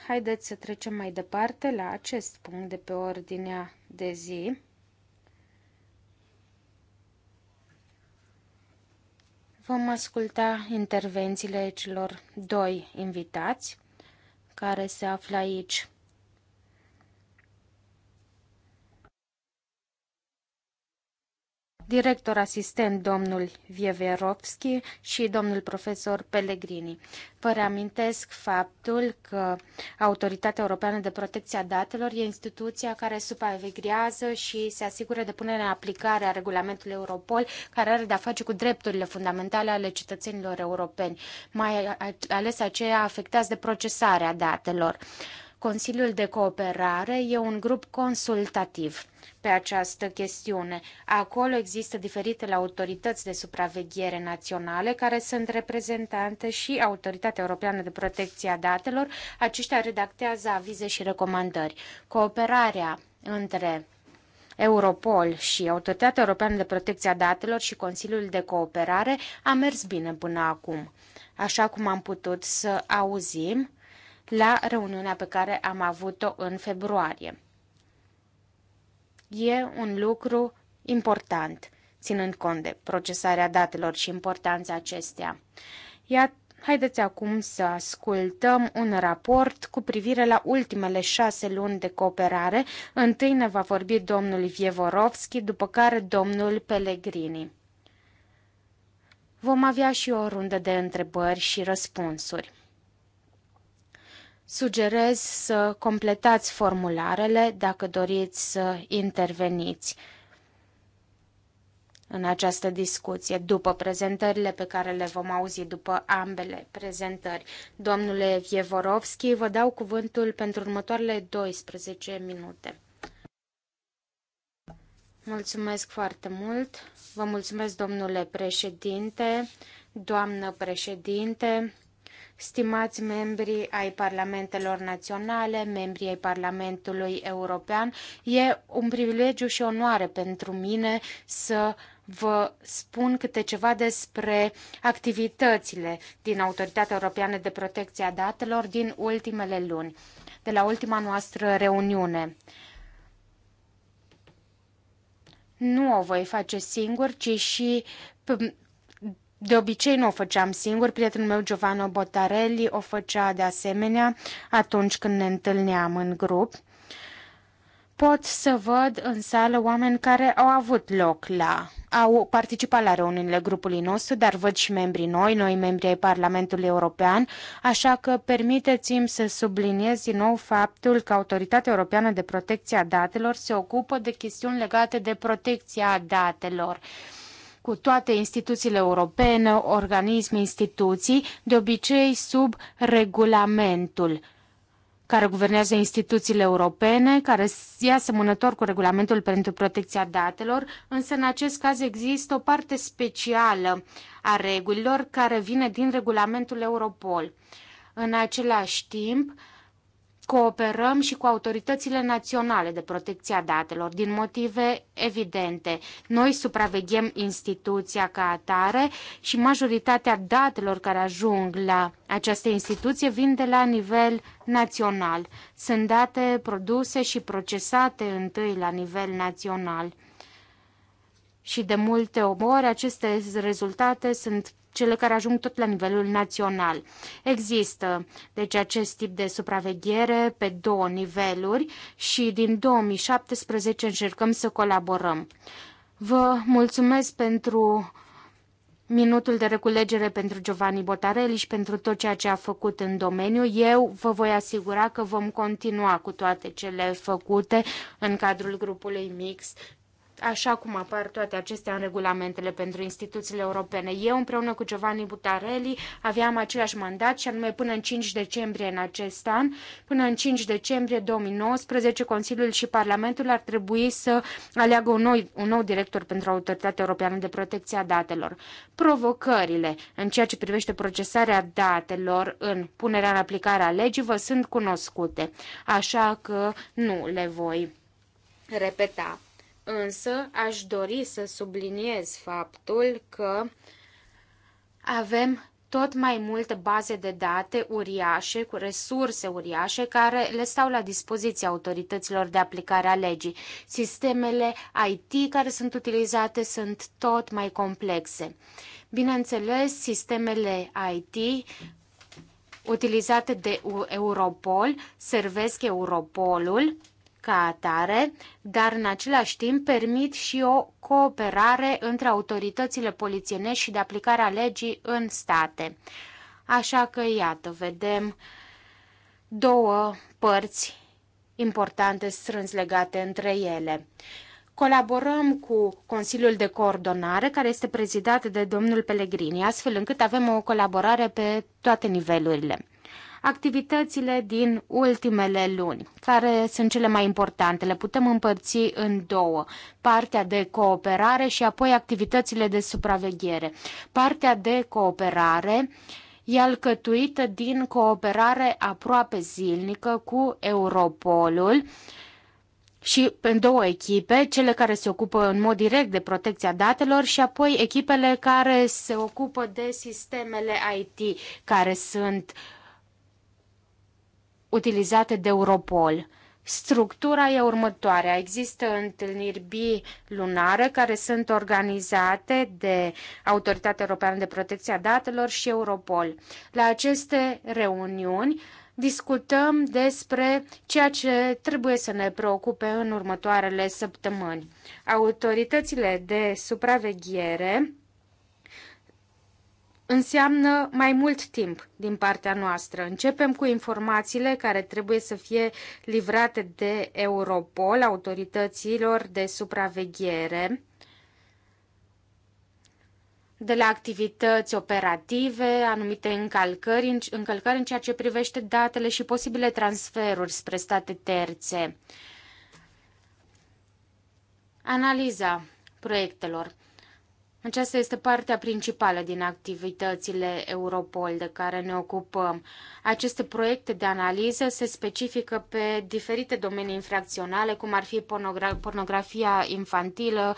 haideți să trecem mai departe la acest punct de pe ordinea de zi. Vom asculta intervențiile celor doi invitați care se află aici director asistent domnul Vieverovski și domnul profesor Pellegrini. Vă reamintesc faptul că Autoritatea Europeană de Protecție a Datelor e instituția care supraveghează și se asigură de punerea în aplicare a regulamentului Europol, care are de-a face cu drepturile fundamentale ale cetățenilor europeni, mai ales aceia afectați de procesarea datelor. Consiliul de Cooperare e un grup consultativ pe această chestiune. Acolo există diferitele autorități de supraveghere naționale care sunt reprezentante și Autoritatea Europeană de Protecție a Datelor. Aceștia redactează avize și recomandări. Cooperarea între Europol și Autoritatea Europeană de Protecție a Datelor și Consiliul de Cooperare a mers bine până acum. Așa cum am putut să auzim, la reuniunea pe care am avut-o în februarie. E un lucru important, ținând cont de procesarea datelor și importanța acestea. Iată Haideți acum să ascultăm un raport cu privire la ultimele șase luni de cooperare. Întâi ne va vorbi domnul Vievorovski, după care domnul Pellegrini. Vom avea și o rundă de întrebări și răspunsuri. Sugerez să completați formularele dacă doriți să interveniți în această discuție, după prezentările pe care le vom auzi după ambele prezentări. Domnule Vievorovski, vă dau cuvântul pentru următoarele 12 minute. Mulțumesc foarte mult. Vă mulțumesc, domnule președinte, doamnă președinte, stimați membri ai Parlamentelor Naționale, membri ai Parlamentului European, e un privilegiu și onoare pentru mine să vă spun câte ceva despre activitățile din Autoritatea Europeană de Protecție a Datelor din ultimele luni, de la ultima noastră reuniune. Nu o voi face singur, ci și de obicei nu o făceam singur, prietenul meu Giovanni Botarelli o făcea de asemenea atunci când ne întâlneam în grup. Pot să văd în sală oameni care au avut loc la, au participat la reuniunile grupului nostru, dar văd și membrii noi, noi membri ai Parlamentului European, așa că permiteți-mi să subliniez din nou faptul că Autoritatea Europeană de Protecție a Datelor se ocupă de chestiuni legate de protecția datelor cu toate instituțiile europene, organisme, instituții, de obicei sub regulamentul care guvernează instituțiile europene, care ia asemănător cu regulamentul pentru protecția datelor, însă în acest caz există o parte specială a regulilor care vine din regulamentul Europol. În același timp, cooperăm și cu autoritățile naționale de protecție a datelor, din motive evidente. Noi supraveghem instituția ca atare și majoritatea datelor care ajung la această instituție vin de la nivel național. Sunt date produse și procesate întâi la nivel național. Și de multe ori aceste rezultate sunt cele care ajung tot la nivelul național. Există deci acest tip de supraveghere pe două niveluri și din 2017 încercăm să colaborăm. Vă mulțumesc pentru minutul de reculegere pentru Giovanni Botarelli și pentru tot ceea ce a făcut în domeniu. Eu vă voi asigura că vom continua cu toate cele făcute în cadrul grupului mix așa cum apar toate acestea în regulamentele pentru instituțiile europene. Eu împreună cu Giovanni Butarelli aveam același mandat și anume până în 5 decembrie în acest an, până în 5 decembrie 2019, Consiliul și Parlamentul ar trebui să aleagă un nou, un nou director pentru Autoritatea Europeană de Protecție a Datelor. Provocările în ceea ce privește procesarea datelor în punerea în aplicare a legii vă sunt cunoscute, așa că nu le voi repeta însă aș dori să subliniez faptul că avem tot mai multe baze de date uriașe, cu resurse uriașe, care le stau la dispoziția autorităților de aplicare a legii. Sistemele IT care sunt utilizate sunt tot mai complexe. Bineînțeles, sistemele IT utilizate de Europol servesc Europolul ca atare, dar în același timp permit și o cooperare între autoritățile polițienești și de aplicarea legii în state. Așa că, iată, vedem două părți importante strâns legate între ele. Colaborăm cu Consiliul de Coordonare, care este prezidat de domnul Pellegrini, astfel încât avem o colaborare pe toate nivelurile. Activitățile din ultimele luni, care sunt cele mai importante, le putem împărți în două. Partea de cooperare și apoi activitățile de supraveghere. Partea de cooperare e alcătuită din cooperare aproape zilnică cu Europolul, și în două echipe, cele care se ocupă în mod direct de protecția datelor și apoi echipele care se ocupă de sistemele IT, care sunt uh, utilizate de Europol. Structura e următoarea. Există întâlniri bilunare care sunt organizate de Autoritatea Europeană de Protecție a Datelor și Europol. La aceste reuniuni discutăm despre ceea ce trebuie să ne preocupe în următoarele săptămâni. Autoritățile de supraveghere înseamnă mai mult timp din partea noastră. Începem cu informațiile care trebuie să fie livrate de Europol, autorităților de supraveghere, de la activități operative, anumite încălcări, încălcări în ceea ce privește datele și posibile transferuri spre state terțe. Analiza proiectelor. Aceasta este partea principală din activitățile Europol de care ne ocupăm. Aceste proiecte de analiză se specifică pe diferite domenii infracționale, cum ar fi pornografia infantilă,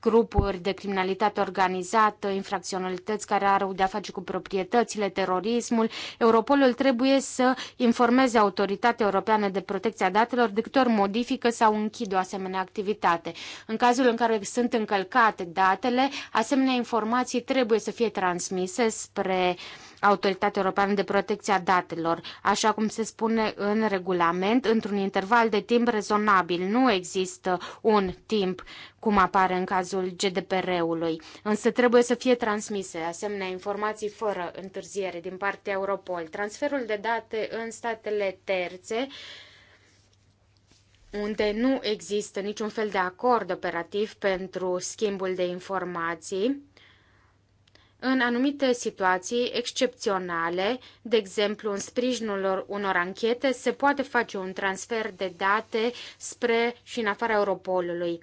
grupuri de criminalitate organizată, infracționalități care au de-a face cu proprietățile, terorismul, Europolul trebuie să informeze Autoritatea Europeană de Protecție a Datelor de câte ori modifică sau închid o asemenea activitate. În cazul în care sunt încălcate datele, asemenea informații trebuie să fie transmise spre uh, Autoritatea Europeană de Protecție a Datelor, așa cum se spune în regulament, într-un interval de timp rezonabil. Nu există un timp cum apare în cazul GDPR-ului, însă trebuie să fie transmise asemenea informații fără întârziere din partea Europol. Transferul de date în statele terțe unde nu există niciun fel de acord operativ pentru schimbul de informații, în anumite situații excepționale, de exemplu în sprijinul unor anchete, se poate face un transfer de date spre și în afara Europolului.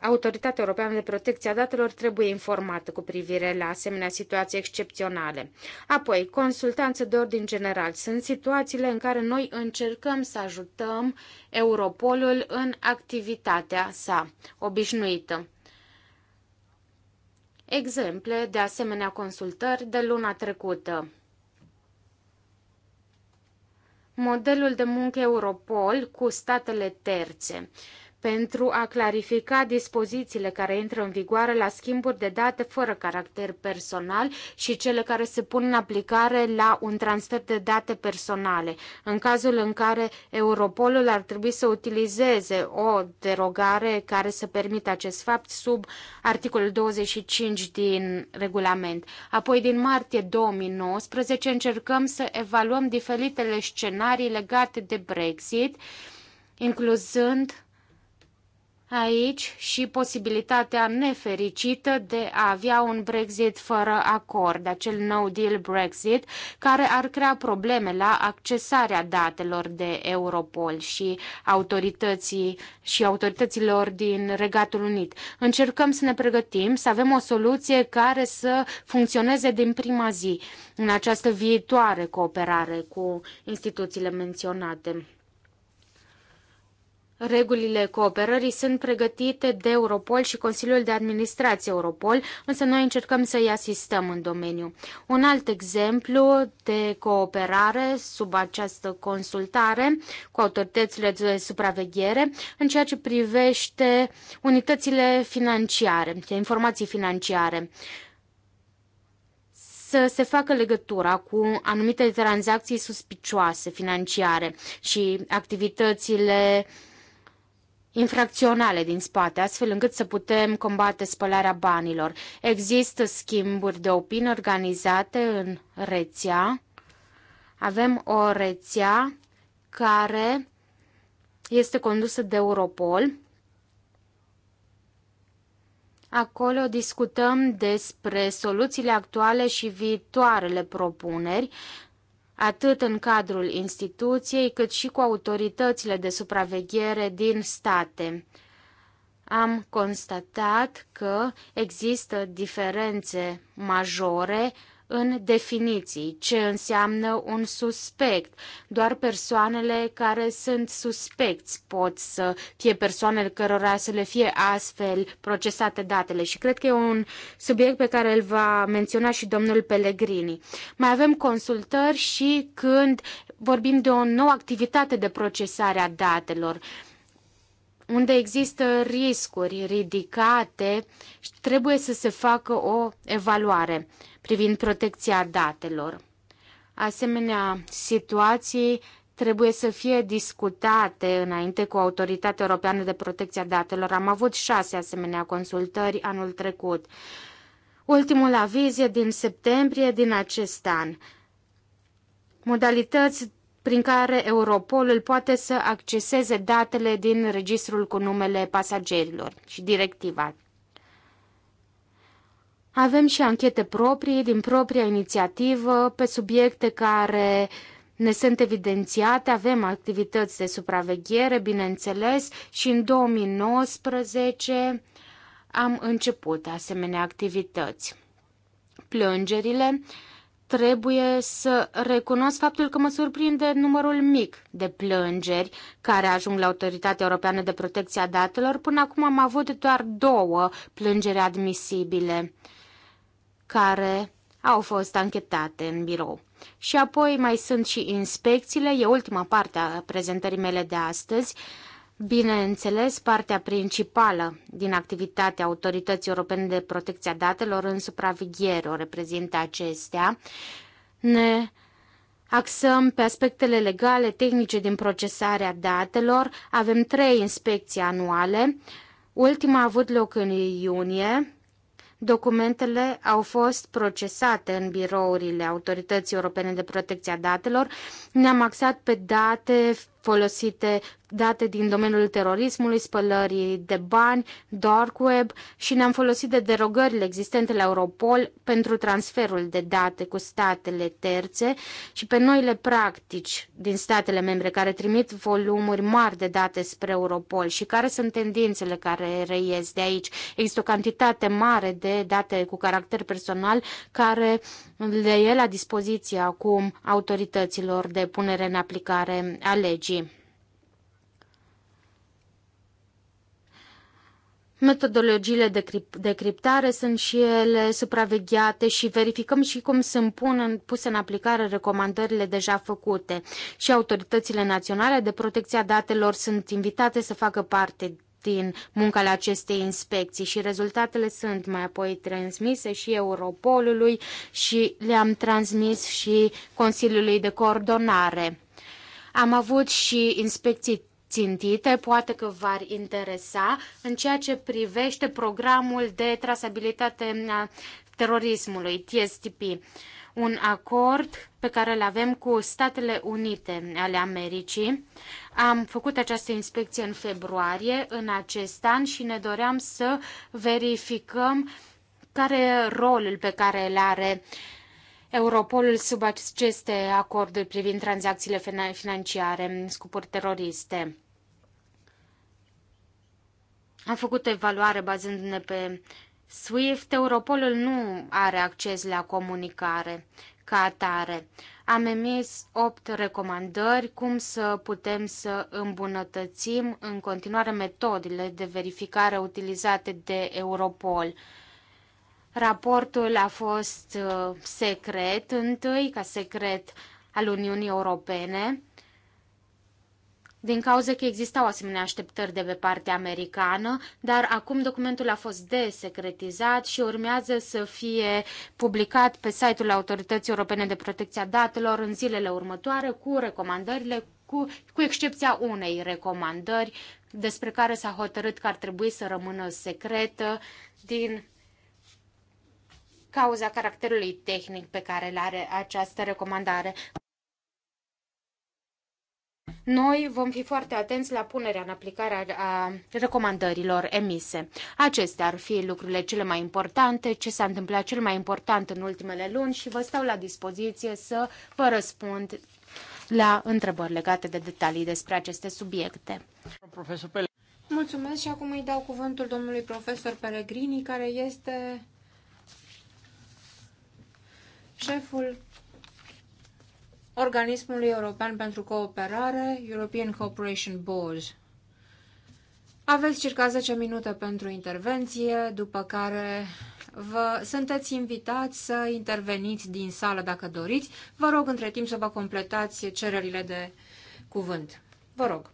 Autoritatea Europeană de Protecție a Datelor trebuie informată cu privire la asemenea situații excepționale. Apoi, consultanță de ordin general sunt situațiile în care noi încercăm să ajutăm Europolul în activitatea sa obișnuită exemple de asemenea consultări de luna trecută. Modelul de muncă Europol cu statele terțe pentru a clarifica dispozițiile care intră în vigoare la schimburi de date fără caracter personal și cele care se pun în aplicare la un transfer de date personale, în cazul în care Europolul ar trebui să utilizeze o derogare care să permită acest fapt sub articolul 25 din regulament. Apoi, din martie 2019, încercăm să evaluăm diferitele scenarii legate de Brexit, incluzând aici și posibilitatea nefericită de a avea un Brexit fără acord, acel no deal Brexit, care ar crea probleme la accesarea datelor de Europol și autorității și autorităților din Regatul Unit. Încercăm să ne pregătim, să avem o soluție care să funcționeze din prima zi în această viitoare cooperare cu instituțiile menționate. Regulile cooperării sunt pregătite de Europol și Consiliul de Administrație Europol, însă noi încercăm să-i asistăm în domeniu. Un alt exemplu de cooperare sub această consultare cu autoritățile de supraveghere în ceea ce privește unitățile financiare, informații financiare să se facă legătura cu anumite tranzacții suspicioase financiare și activitățile uh, infracționale din spate, astfel încât să putem combate spălarea banilor. Există schimburi de opinii organizate în rețea. Avem o rețea care este condusă de Europol. Acolo discutăm despre soluțiile actuale și viitoarele propuneri atât în cadrul instituției, cât și cu autoritățile de supraveghere din state. Am constatat că există diferențe majore în definiții ce înseamnă un suspect. Doar persoanele care sunt suspecți pot să fie persoanele cărora să le fie astfel procesate datele și cred că e un subiect pe care îl va menționa și domnul Pellegrini. Mai avem consultări și când vorbim de o nouă activitate de procesare a datelor. Uh, unde există riscuri ridicate, trebuie să se facă o evaluare privind protecția datelor. Asemenea, situații trebuie să fie discutate înainte cu Autoritatea Europeană de Protecție a Datelor. Am avut șase asemenea consultări anul trecut. Ultimul aviz e din septembrie din acest an. Modalități prin care Europolul poate să acceseze datele din registrul cu numele pasagerilor și directiva. Avem și anchete proprii, din propria inițiativă, pe subiecte care ne sunt evidențiate, avem activități de supraveghere, bineînțeles, și în 2019 am început asemenea activități. Plângerile uh, trebuie să recunosc faptul că mă surprinde numărul mic de plângeri care ajung la Autoritatea Europeană de Protecție a Datelor. Până acum am avut doar două plângeri admisibile care au fost anchetate în birou. Și apoi mai sunt și inspecțiile, e ultima parte a prezentării mele de astăzi. Uh, Bineînțeles, partea principală din activitatea Autorității Europene de Protecție a Datelor în supraveghere o reprezintă acestea. Ne axăm pe aspectele legale, tehnice din procesarea datelor. Avem trei inspecții anuale. Ultima a avut loc în iunie. Documentele au fost procesate în birourile Autorității Europene de Protecție a Datelor. Ne-am axat pe date folosite date din domeniul terorismului, spălării de bani, dark web și ne-am folosit de derogările existente la Europol pentru transferul de date cu statele terțe și pe noile practici din statele membre care trimit volumuri mari de date spre Europol și care sunt tendințele care reies de aici. Există o cantitate mare de date cu caracter personal care le e la dispoziție acum autorităților de punere în aplicare a legii. Metodologiile de, cri- de criptare sunt și ele supravegheate și verificăm și cum sunt pun în, puse în aplicare recomandările deja făcute. Și autoritățile naționale de protecție a datelor sunt invitate să facă parte din munca la acestei inspecții și rezultatele sunt mai apoi transmise și Europolului și le-am transmis și Consiliului de Coordonare. Am avut și inspecții țintite, poate că v-ar interesa în ceea ce privește programul de trasabilitate a terorismului, TSTP, un acord pe care îl avem cu Statele Unite ale Americii. Am făcut această inspecție în februarie în acest an și ne doream să verificăm care e rolul pe care îl are uh, Europolul sub aceste acorduri privind tranzacțiile financiare, scopuri teroriste. Am făcut o evaluare bazându-ne pe SWIFT. Europolul nu are acces la comunicare ca atare. Am emis opt recomandări cum să putem să îmbunătățim în continuare metodele de verificare utilizate de Europol Raportul a fost uh, secret întâi, ca secret al Uniunii Europene, din cauza că existau asemenea așteptări de pe partea americană, dar acum documentul a fost desecretizat și urmează să fie publicat pe site-ul Autorității Europene de Protecție a Datelor în zilele următoare cu recomandările, cu, cu excepția unei recomandări despre care s-a hotărât că ar trebui să rămână secretă din cauza caracterului tehnic pe care îl are această recomandare. Noi vom fi foarte atenți la punerea în aplicare a recomandărilor emise. Acestea ar fi lucrurile cele mai importante, ce s-a întâmplat cel mai important în ultimele luni și vă stau la dispoziție să vă răspund la întrebări legate de detalii despre aceste subiecte. Mulțumesc și acum îi dau cuvântul domnului profesor Pellegrini, care este șeful Organismului European pentru Cooperare, European Cooperation Board. Aveți circa 10 minute pentru intervenție, după care vă sunteți invitați să interveniți din sală dacă doriți. Vă rog între timp să vă completați cererile de cuvânt. Vă rog.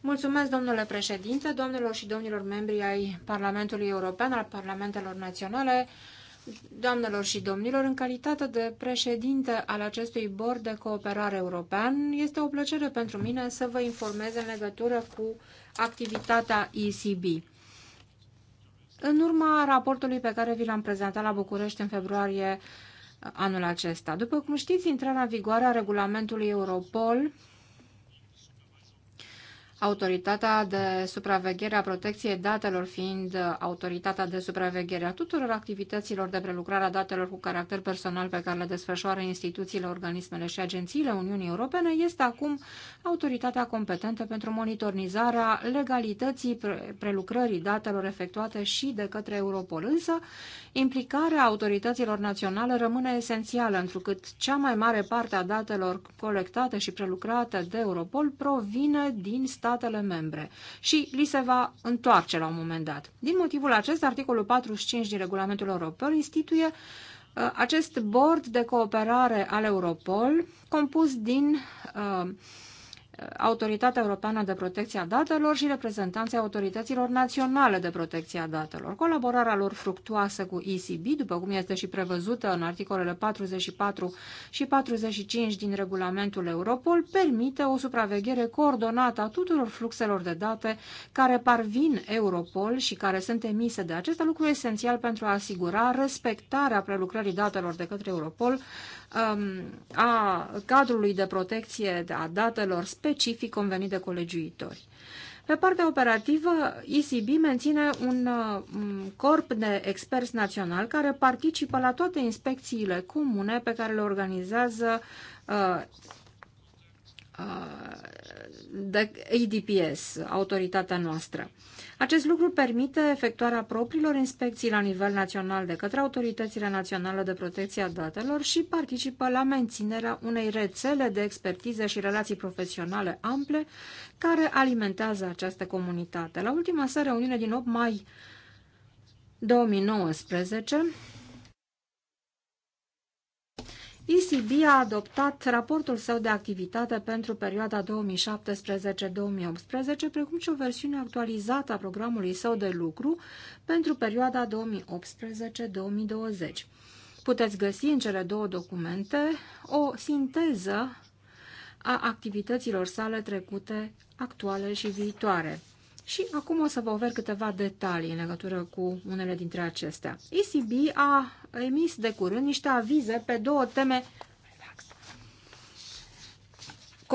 Mulțumesc, domnule președinte, domnilor și domnilor membri ai Parlamentului European, al Parlamentelor Naționale, Doamnelor și domnilor, în calitate de președinte al acestui bord de cooperare european, este o plăcere pentru mine să vă informez în legătură cu activitatea ECB. În urma raportului pe care vi l-am prezentat la București în februarie anul acesta. După cum știți, intrarea în vigoare a regulamentului Europol autoritatea de supraveghere a protecției datelor fiind autoritatea de supraveghere a tuturor activităților de prelucrare a datelor cu caracter personal pe care le desfășoară instituțiile, organismele și agențiile Uniunii Europene, este acum autoritatea competentă pentru monitorizarea legalității prelucrării datelor efectuate și de către Europol. Însă, implicarea autorităților naționale rămâne esențială, întrucât cea mai mare parte a datelor colectate și prelucrate de Europol provine din stat statele membre și li se va întoarce la un moment dat. Din motivul acesta, articolul 45 din regulamentul Europol instituie uh, acest board de cooperare al Europol, compus din uh, Autoritatea Europeană de Protecție a Datelor și reprezentanții autorităților naționale de protecție a datelor. Colaborarea lor fructuoasă cu ECB, după cum este și prevăzută în articolele 44 și 45 din regulamentul Europol, permite o supraveghere coordonată a tuturor fluxelor de date care parvin Europol și care sunt emise de acesta, lucru esențial pentru a asigura respectarea prelucrării datelor de către Europol Um, a cadrului de protecție a datelor specific convenit de colegiuitori. Pe partea operativă, ECB menține un um, corp de experți național care participă la toate inspecțiile comune pe care le organizează uh, uh, ADPS, autoritatea noastră. Uh, acest lucru permite efectuarea propriilor inspecții la nivel național de către autoritățile naționale de protecție a datelor și participă la menținerea unei rețele de expertiză și relații profesionale ample care alimentează această comunitate. La ultima sără, reuniune din 8 mai 2019, ECB a adoptat raportul său de activitate pentru perioada 2017-2018, precum și o versiune actualizată a programului său de lucru pentru perioada 2018-2020. Puteți găsi în cele două documente o sinteză a activităților sale trecute, actuale și viitoare. Și acum o să vă ofer câteva detalii în legătură cu unele dintre acestea. ECB a emis de curând niște avize pe două teme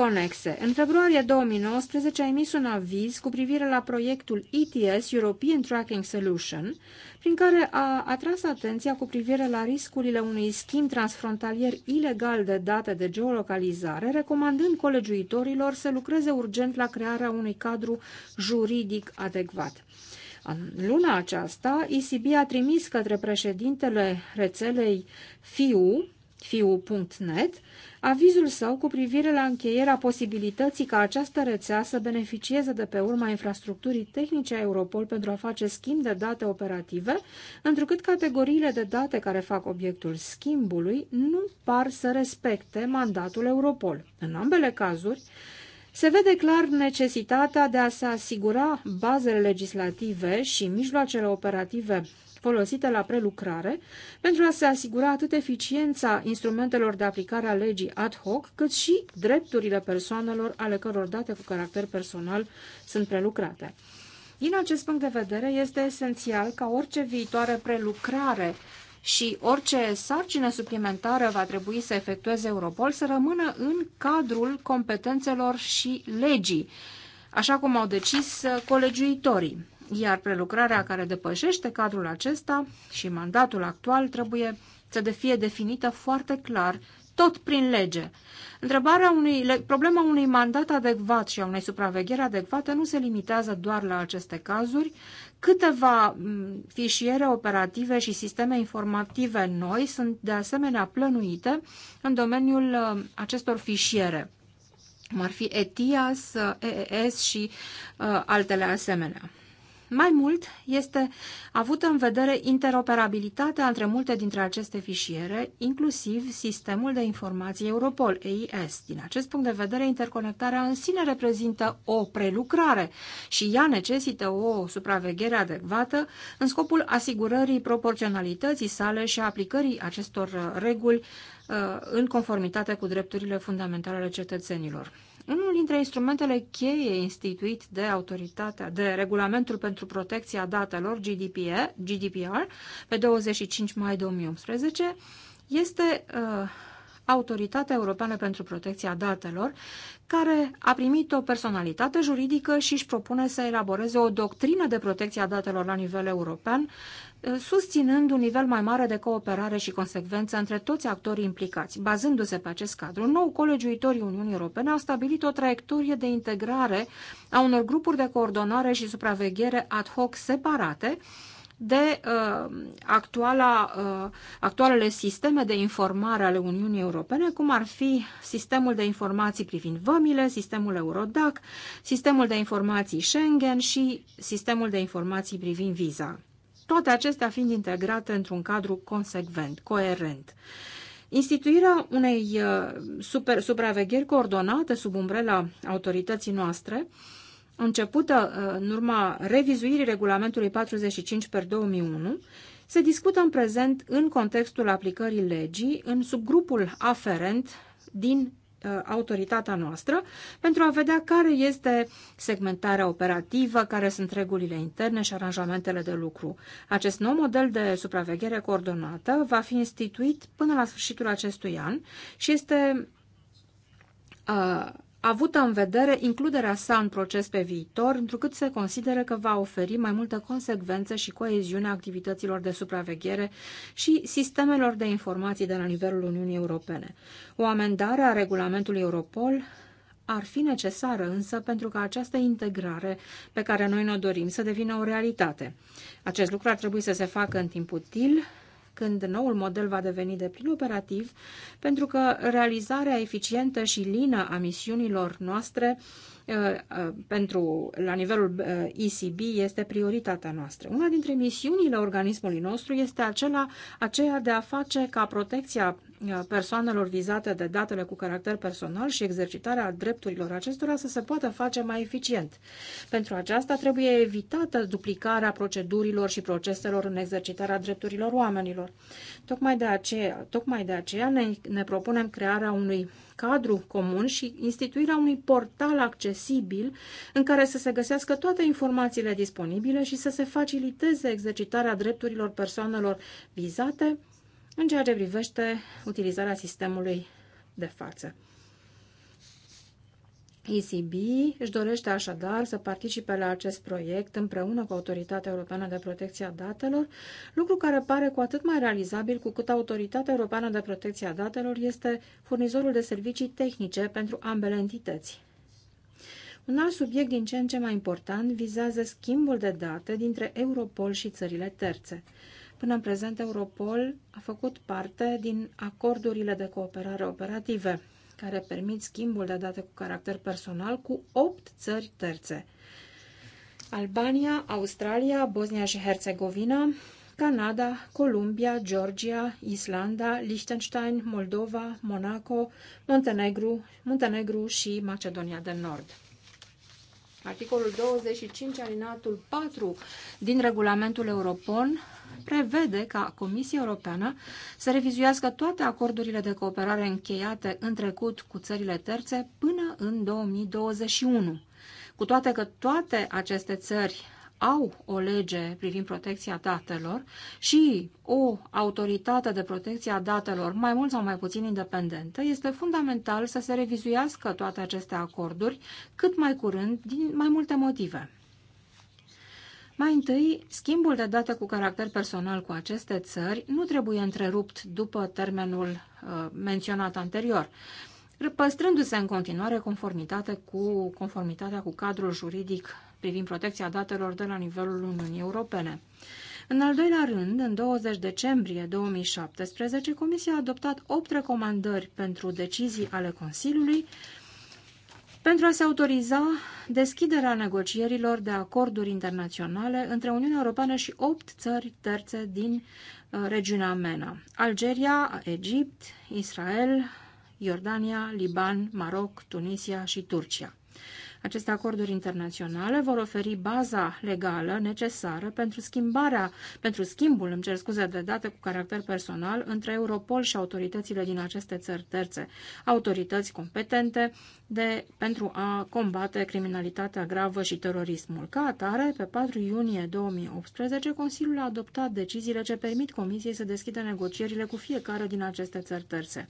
conexe. În februarie 2019 a emis un aviz cu privire la proiectul ETS, European Tracking Solution, prin care a atras atenția cu privire la riscurile unui schimb transfrontalier ilegal de date de geolocalizare, recomandând colegiuitorilor să lucreze urgent la crearea unui cadru juridic adecvat. În luna aceasta, ECB a trimis către președintele rețelei FIU fiu.net, avizul său cu privire la încheierea posibilității ca această rețea să beneficieze de pe urma infrastructurii tehnice a Europol pentru a face schimb de date operative, întrucât categoriile de date care fac obiectul schimbului nu par să respecte mandatul Europol. În ambele cazuri, se vede clar necesitatea de a se asigura bazele legislative și mijloacele operative folosite la prelucrare pentru a se asigura atât eficiența instrumentelor de aplicare a legii ad hoc, cât și drepturile persoanelor ale căror date cu caracter personal sunt prelucrate. Din acest punct de vedere, este esențial ca orice viitoare prelucrare și orice sarcină suplimentară va trebui să efectueze Europol să rămână în cadrul competențelor și legii, așa cum au decis colegiuitorii iar prelucrarea care depășește cadrul acesta și mandatul actual trebuie să de fie definită foarte clar, tot prin lege. Întrebarea unui, problema unui mandat adecvat și a unei supraveghere adecvate nu se limitează doar la aceste cazuri. Câteva fișiere operative și sisteme informative noi sunt de asemenea plănuite în domeniul uh, acestor fișiere, cum ar fi ETIAS, EES și uh, altele asemenea. Mai mult, este avută în vedere interoperabilitatea între multe dintre aceste fișiere, inclusiv sistemul de informații Europol, EIS. Din acest punct de vedere, interconectarea în sine reprezintă o prelucrare și ea necesită o supraveghere adecvată în scopul asigurării proporționalității sale și a aplicării acestor reguli uh, în conformitate cu drepturile fundamentale ale cetățenilor. Unul dintre instrumentele cheie instituit de autoritatea, de Regulamentul pentru Protecția Datelor, GDPR, GDPR pe 25 mai 2018, este uh, Autoritatea Europeană pentru Protecția Datelor, care a primit o personalitate juridică și își propune să elaboreze o doctrină de protecție a datelor la nivel european, susținând un nivel mai mare de cooperare și consecvență între toți actorii implicați. Bazându-se pe acest cadru, nou colegiuitorii Uniunii Europene au stabilit o traiectorie de integrare a unor grupuri de coordonare și supraveghere ad hoc separate, de uh, actuala, uh, actualele sisteme de informare ale Uniunii Europene, cum ar fi sistemul de informații privind vămile, sistemul Eurodac, sistemul de informații Schengen și sistemul de informații privind viza toate acestea fiind integrate într-un cadru consecvent, coerent. Instituirea unei uh, super, supravegheri coordonate sub umbrela autorității noastre, începută uh, în urma revizuirii regulamentului 45 per 2001, se discută în prezent în contextul aplicării legii în subgrupul aferent din Uh, autoritatea noastră pentru a vedea care este segmentarea operativă, care sunt regulile interne și aranjamentele de lucru. Acest nou model de supraveghere coordonată va fi instituit până la sfârșitul acestui an și este uh, avută în vedere includerea sa în proces pe viitor, întrucât se consideră că va oferi mai multă consecvență și coeziune activităților de supraveghere și sistemelor de informații de la nivelul Uniunii Europene. O amendare a regulamentului Europol ar fi necesară însă pentru ca această integrare pe care noi ne dorim să devină o realitate. Acest lucru ar trebui să se facă în timp util când noul model va deveni de plin operativ, pentru că realizarea eficientă și lină a misiunilor noastre Eh, eh, pentru, la nivelul ECB eh, este prioritatea noastră. Una dintre misiunile organismului nostru este acela, aceea de a face ca protecția persoanelor vizate de datele cu caracter personal și exercitarea drepturilor acestora să se poată face mai eficient. Pentru aceasta trebuie evitată duplicarea procedurilor și proceselor în exercitarea drepturilor oamenilor. Tocmai de aceea, tocmai de aceea ne, ne propunem crearea unui cadru comun și instituirea unui portal accesibil în care să se găsească toate informațiile disponibile și să se faciliteze exercitarea drepturilor persoanelor vizate în ceea ce privește utilizarea sistemului de față. ECB își dorește așadar să participe la acest proiect împreună cu Autoritatea Europeană de Protecție a Datelor, lucru care pare cu atât mai realizabil cu cât Autoritatea Europeană de Protecție a Datelor este furnizorul de servicii tehnice pentru ambele entități. Un alt subiect din ce în ce mai important vizează schimbul de date dintre Europol și țările terțe. Până în prezent, Europol a făcut parte din acordurile de cooperare operative care permit schimbul de date cu caracter personal cu 8 țări terțe. Albania, Australia, Bosnia și Herțegovina, Canada, Columbia, Georgia, Islanda, Liechtenstein, Moldova, Monaco, Montenegru, Montenegru și Macedonia de Nord. Articolul 25, alinatul 4 din regulamentul Europon prevede ca Comisia Europeană să revizuiască toate acordurile de cooperare încheiate în trecut cu țările terțe până în 2021. Cu toate că toate aceste țări au o lege privind protecția datelor și o autoritate de protecție a datelor, mai mult sau mai puțin independentă, este fundamental să se revizuiască toate aceste acorduri cât mai curând din mai multe motive. Mai întâi, schimbul de date cu caracter personal cu aceste țări nu trebuie întrerupt după termenul uh, menționat anterior, păstrându-se în continuare conformitate cu, conformitatea cu cadrul juridic privind protecția datelor de la nivelul Uniunii Europene. În al doilea rând, în 20 decembrie 2017, Comisia a adoptat 8 recomandări pentru decizii ale Consiliului pentru a se autoriza deschiderea negocierilor de acorduri internaționale între Uniunea Europeană și opt țări terțe din uh, regiunea MENA. Algeria, Egipt, Israel, Iordania, Liban, Maroc, Tunisia și Turcia. Aceste acorduri internaționale vor oferi baza legală necesară pentru schimbarea, pentru schimbul, îmi cer scuze, de date cu caracter personal între Europol și autoritățile din aceste țări terțe, autorități competente de, pentru a combate criminalitatea gravă și terorismul. Ca atare, pe 4 iunie 2018, Consiliul a adoptat deciziile ce permit Comisiei să deschidă negocierile cu fiecare din aceste țări terțe.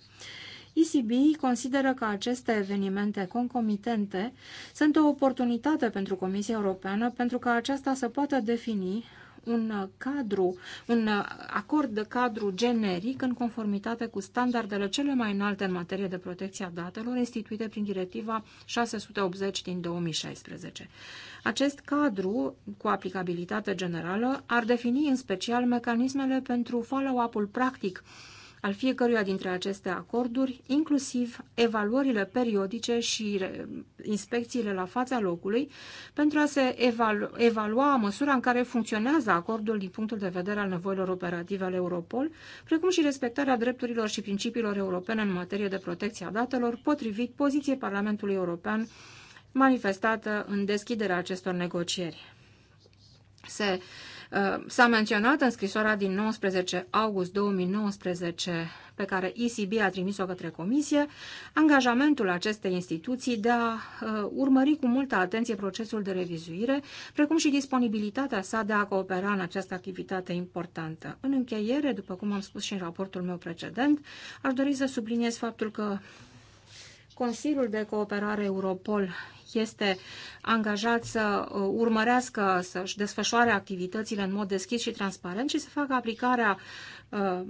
ECB consideră că aceste evenimente concomitente sunt o oportunitate pentru Comisia Europeană pentru ca aceasta să poată defini un cadru, un acord de cadru generic în conformitate cu standardele cele mai înalte în materie de protecție a datelor instituite prin directiva 680 din 2016. Acest cadru, cu aplicabilitate generală, ar defini în special mecanismele pentru follow-up-ul practic al fiecăruia dintre aceste acorduri, inclusiv evaluările periodice și inspecțiile la fața locului, pentru a se evalu evalua măsura în care funcționează acordul din punctul de vedere al nevoilor operative ale Europol, precum și respectarea drepturilor și principiilor europene în materie de protecție a datelor, potrivit poziției Parlamentului European manifestată în deschiderea acestor negocieri. Se Uh, s-a menționat în scrisoarea din 19 august 2019 pe care ECB a trimis-o către comisie, angajamentul acestei instituții de a uh, urmări cu multă atenție procesul de revizuire, precum și disponibilitatea sa de a coopera în această activitate importantă. În încheiere, după cum am spus și în raportul meu precedent, aș dori să subliniez faptul că Consiliul de Cooperare Europol este angajat să uh, urmărească, să-și desfășoare activitățile în mod deschis și transparent și să facă aplicarea uh,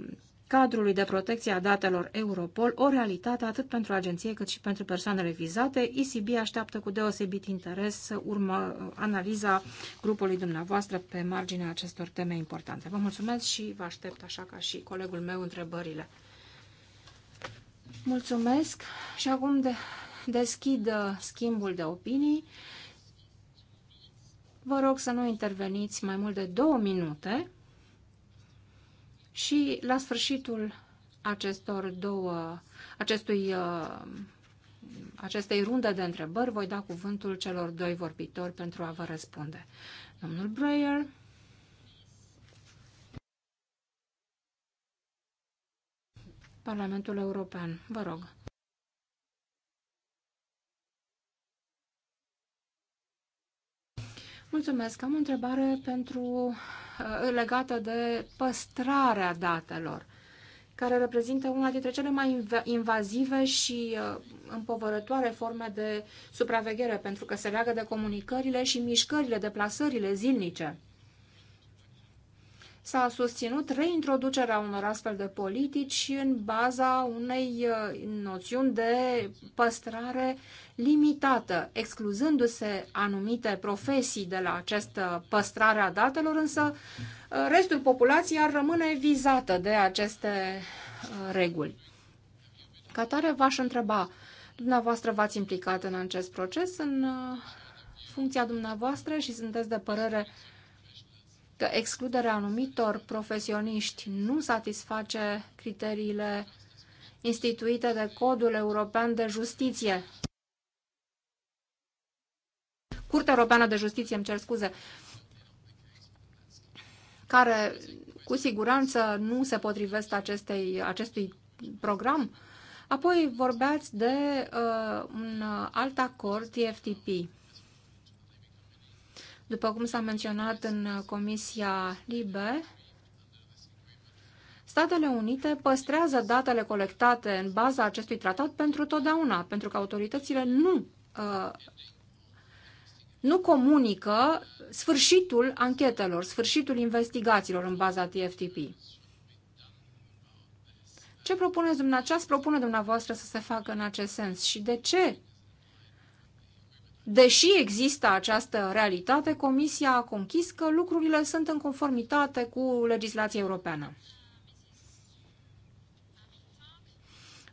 cadrului de protecție a datelor Europol o realitate atât pentru agenție cât și pentru persoanele vizate. ICB așteaptă cu deosebit interes urmă, uh, analiza grupului dumneavoastră pe marginea acestor teme importante. Vă mulțumesc și vă aștept, așa ca și colegul meu, întrebările. Mulțumesc și acum de deschid schimbul de opinii. Vă rog să nu interveniți mai mult de două minute și la sfârșitul acestor două, acestui, uh, acestei runde de întrebări voi da cuvântul celor doi vorbitori pentru a vă răspunde. Domnul Breyer. Parlamentul European. Vă rog. Mulțumesc. Am o întrebare pentru, uh, legată de păstrarea datelor, care reprezintă una dintre cele mai invazive și uh, împovărătoare forme de supraveghere, pentru că se leagă de comunicările și mișcările, deplasările zilnice s-a susținut reintroducerea unor astfel de politici în baza unei uh, noțiuni de păstrare limitată, excluzându-se anumite profesii de la această păstrare a datelor, însă uh, restul populației ar rămâne vizată de aceste uh, reguli. Ca tare v-aș întreba, dumneavoastră v-ați implicat în acest proces, în funcția dumneavoastră și sunteți de părere că excluderea anumitor profesioniști nu satisface criteriile instituite de Codul European de Justiție. Curtea Europeană de Justiție, îmi cer scuze, care cu siguranță nu se potrivesc acestei, acestui program. Apoi vorbeați de uh, un alt acord TFTP. După cum s-a menționat în Comisia Libe, Statele Unite păstrează datele colectate în baza acestui tratat pentru totdeauna, pentru că autoritățile nu, uh, nu comunică sfârșitul anchetelor, sfârșitul investigațiilor în baza TFTP. Ce propuneți dumneavoastră, ce propune dumneavoastră să se facă în acest sens și de ce Deși există această realitate, Comisia a conchis că lucrurile sunt în conformitate cu legislația europeană.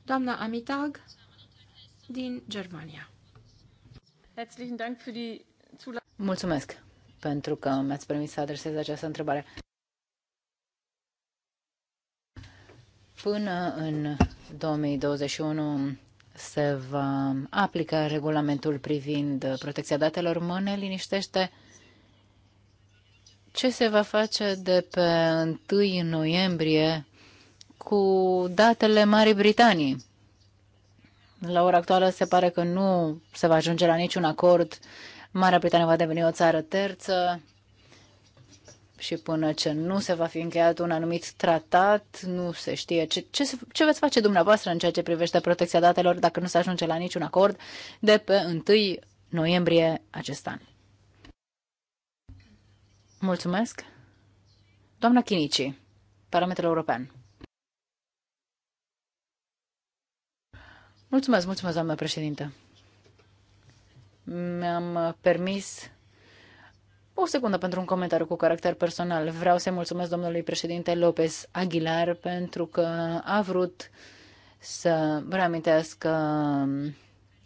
Doamna Amitag din Germania. Mulțumesc pentru că mi-ați permis să adresez această întrebare. Până în 2021 se va aplica regulamentul privind protecția datelor, mă ne liniștește ce se va face de pe 1 noiembrie cu datele Marii Britanii. La ora actuală se pare că nu se va ajunge la niciun acord. Marea Britanie va deveni o țară terță și până ce nu se va fi încheiat un anumit tratat, nu se știe ce, ce, ce veți face dumneavoastră în ceea ce privește protecția datelor dacă nu se ajunge la niciun acord de pe 1 noiembrie acest an. Mulțumesc. Doamna Chinici, Parametrul European. Mulțumesc, mulțumesc, doamnă președinte. Mi-am permis o secundă pentru un comentariu cu caracter personal. Vreau să-i mulțumesc domnului președinte Lopez Aguilar pentru că a vrut să reamintească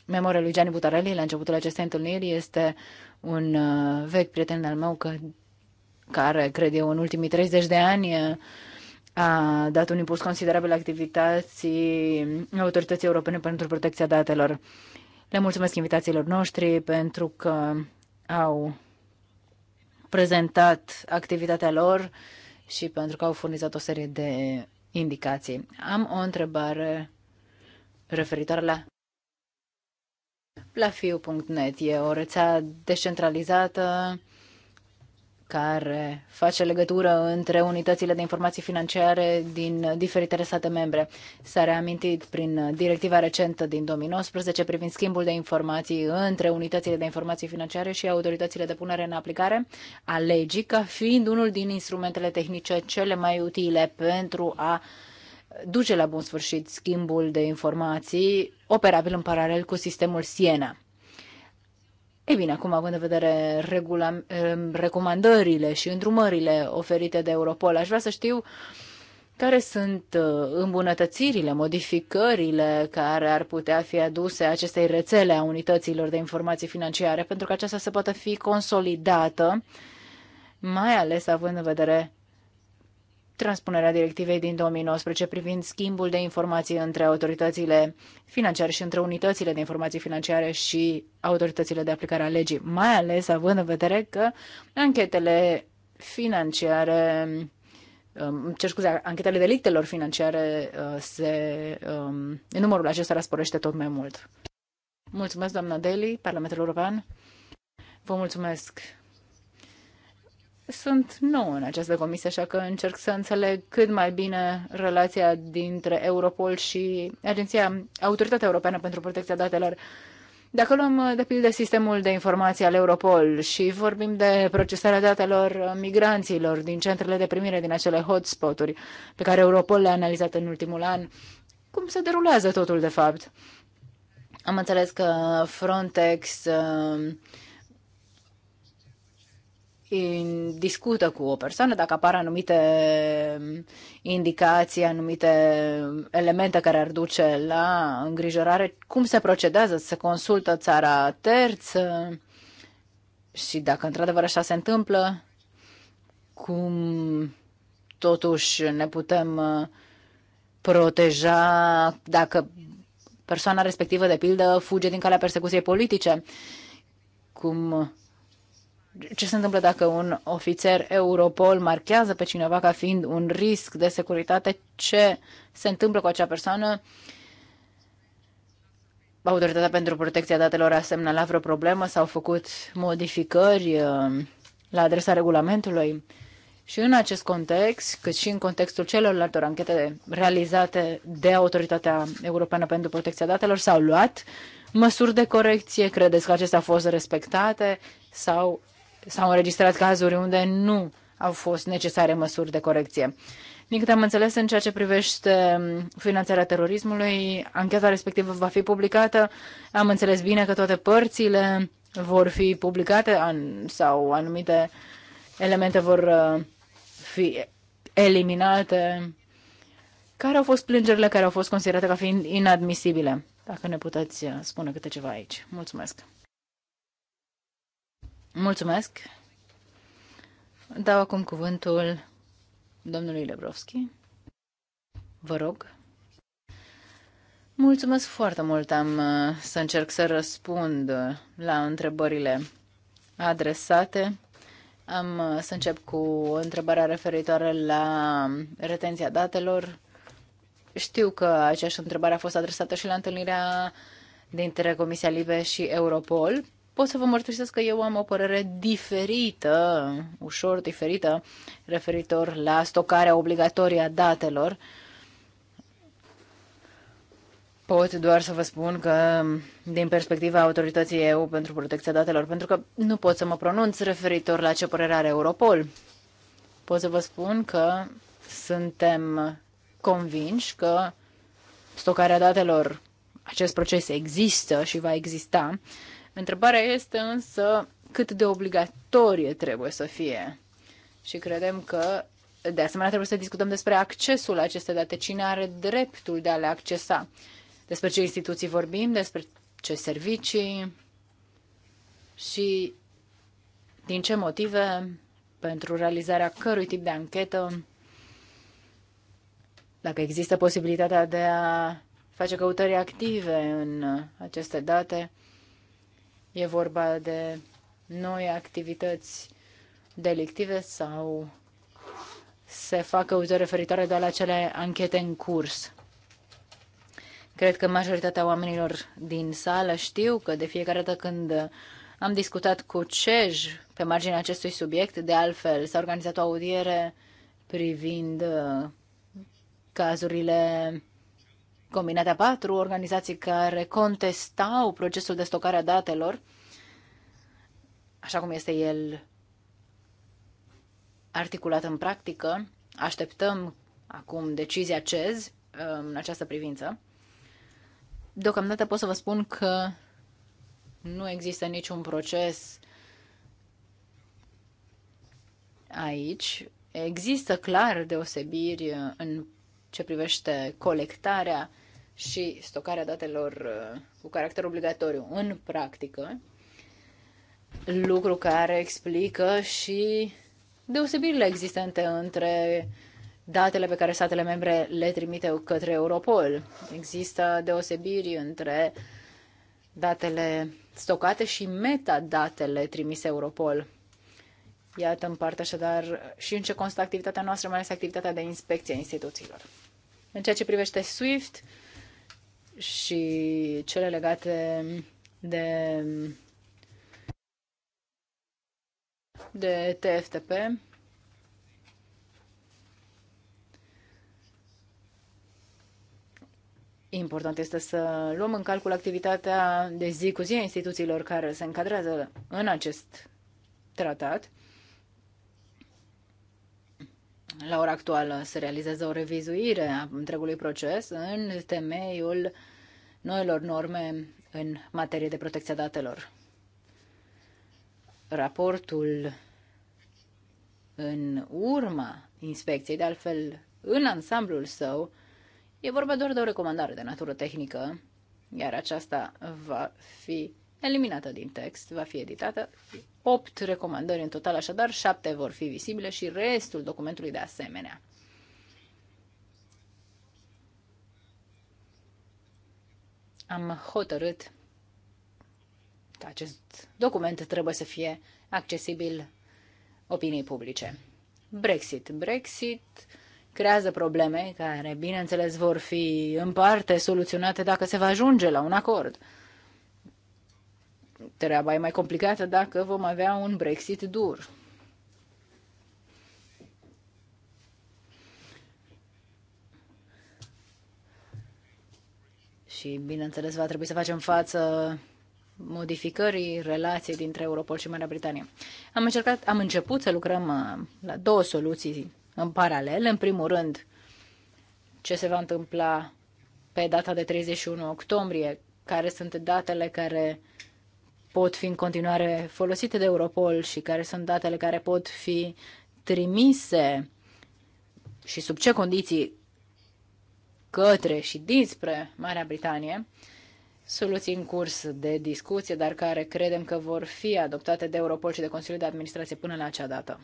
memoria lui Gianni Butarelli la începutul acestei întâlniri. Este un uh, vechi prieten al meu că, care, cred eu, în ultimii 30 de ani uh, a dat un impuls considerabil activității Autorității Europene pentru Protecția Datelor. Le mulțumesc invitațiilor noștri pentru că au prezentat activitatea lor și pentru că au furnizat o serie de indicații. Am o întrebare referitoare la plafiu.net. E o rețea descentralizată care face legătură între unitățile de informații financiare din diferitele state membre. S-a reamintit prin directiva recentă din 2019 privind schimbul de informații între unitățile de informații financiare și autoritățile de punere în aplicare a legii ca fiind unul din instrumentele tehnice cele mai utile pentru a duce la bun sfârșit schimbul de informații operabil în paralel cu sistemul Siena. Ei bine, acum având în vedere regula, recomandările și îndrumările oferite de Europol, aș vrea să știu care sunt uh, îmbunătățirile, modificările care ar putea fi aduse acestei rețele a unităților de informații financiare pentru că aceasta să poată fi consolidată, mai ales având în vedere transpunerea directivei din 2019 privind schimbul de informații între autoritățile financiare și între unitățile de informații financiare și autoritățile de aplicare a legii, mai ales având în vedere că anchetele financiare, um, cer scuze, anchetele delictelor financiare, uh, se, în um, numărul acestora sporește tot mai mult. Mulțumesc, doamna Deli, Parlamentul European. Vă mulțumesc sunt nou în această comisie, așa că încerc să înțeleg cât mai bine relația dintre Europol și Agenția Autoritatea Europeană pentru Protecția Datelor. Dacă luăm, de pildă, sistemul de informații al Europol și vorbim de procesarea datelor migranților din centrele de primire din acele hotspot-uri pe care Europol le-a analizat în ultimul an, cum se derulează totul, de fapt? Am înțeles că Frontex uh, discută cu o persoană, dacă apar anumite indicații, anumite elemente care ar duce la îngrijorare, cum se procedează? Se consultă țara terță? Și dacă într-adevăr așa se întâmplă, cum totuși ne putem uh, proteja dacă persoana respectivă, de pildă, fuge din calea persecuției politice? Cum ce se întâmplă dacă un ofițer Europol marchează pe cineva ca fiind un risc de securitate, ce se întâmplă cu acea persoană. Autoritatea pentru protecția datelor a semnalat vreo problemă, s-au făcut modificări uh, la adresa regulamentului. Și în acest context, cât și în contextul celorlalte anchete realizate de Autoritatea Europeană pentru Protecția Datelor, s-au luat măsuri de corecție? Credeți că acestea au fost respectate sau s-au înregistrat cazuri unde nu au fost necesare măsuri de corecție. Din câte am înțeles, în ceea ce privește finanțarea terorismului, ancheta respectivă va fi publicată. Am înțeles bine că toate părțile vor fi publicate sau anumite elemente vor uh, fi eliminate. Care au fost plângerile care au fost considerate ca fiind inadmisibile? Dacă ne puteți uh, spune câte ceva aici. Mulțumesc! Mulțumesc. Dau acum cuvântul domnului Lebrovski. Vă rog. Mulțumesc foarte mult. Am uh, să încerc să răspund uh, la întrebările adresate. Am uh, să încep cu întrebarea referitoare la retenția datelor. Știu că aceeași întrebare a fost adresată și la întâlnirea dintre Comisia Libe și Europol pot să vă mărturisesc că eu am o părere diferită, ușor diferită, referitor la stocarea obligatorie a datelor. Pot doar să vă spun că, din perspectiva autorității EU pentru protecția datelor, pentru că nu pot să mă pronunț referitor la ce părere are Europol, pot să vă spun că suntem convinși că stocarea datelor, acest proces există și va exista, Întrebarea este însă cât de obligatorie trebuie să fie. Și credem că, de asemenea, trebuie să discutăm despre accesul la aceste date. Cine are dreptul de a le accesa? Despre ce instituții vorbim, despre ce servicii și din ce motive pentru realizarea cărui tip de anchetă, dacă există posibilitatea de a face căutări active în aceste date, E vorba de noi activități delictive sau se fac căutări referitoare doar la cele anchete în curs. Cred că majoritatea oamenilor din sală știu că de fiecare dată când am discutat cu CEJ pe marginea acestui subiect, de altfel s-a organizat o audiere privind uh, cazurile combinarea patru organizații care contestau procesul de stocare a datelor, așa cum este el articulat în practică. Așteptăm acum decizia CEZ um, în această privință. Deocamdată pot să vă spun că nu există niciun proces aici. Există clar deosebiri în ce privește colectarea și stocarea datelor uh, cu caracter obligatoriu în practică, lucru care explică și deosebirile existente între datele pe care statele membre le trimite către Europol. Există deosebiri între datele stocate și metadatele trimise Europol. Iată în parte așadar și în ce constă activitatea noastră, mai ales activitatea de inspecție a instituțiilor. În ceea ce privește SWIFT și cele legate de, de TFTP, Important este să luăm în calcul activitatea de zi cu zi a instituțiilor care se încadrează în acest tratat la ora actuală se realizează o revizuire a întregului proces în temeiul noilor norme în materie de protecția datelor. Raportul în urma inspecției, de altfel în ansamblul său, e vorba doar de o recomandare de natură tehnică, iar aceasta va fi eliminată din text, va fi editată. 8 recomandări în total, așadar 7 vor fi visibile și restul documentului de asemenea. Am hotărât că acest document trebuie să fie accesibil opiniei publice. Brexit. Brexit creează probleme care, bineînțeles, vor fi în parte soluționate dacă se va ajunge la un acord treaba e mai complicată dacă vom avea un Brexit dur. Și, bineînțeles, va trebui să facem față modificării relației dintre Europol și Marea Britanie. Am, încercat, am început să lucrăm uh, la două soluții în paralel. În primul rând, ce se va întâmpla pe data de 31 octombrie, care sunt datele care pot fi în continuare folosite de Europol și care sunt datele care pot fi trimise și sub ce condiții către și dinspre Marea Britanie, soluții în curs de discuție, dar care credem că vor fi adoptate de Europol și de Consiliul de Administrație până la acea dată.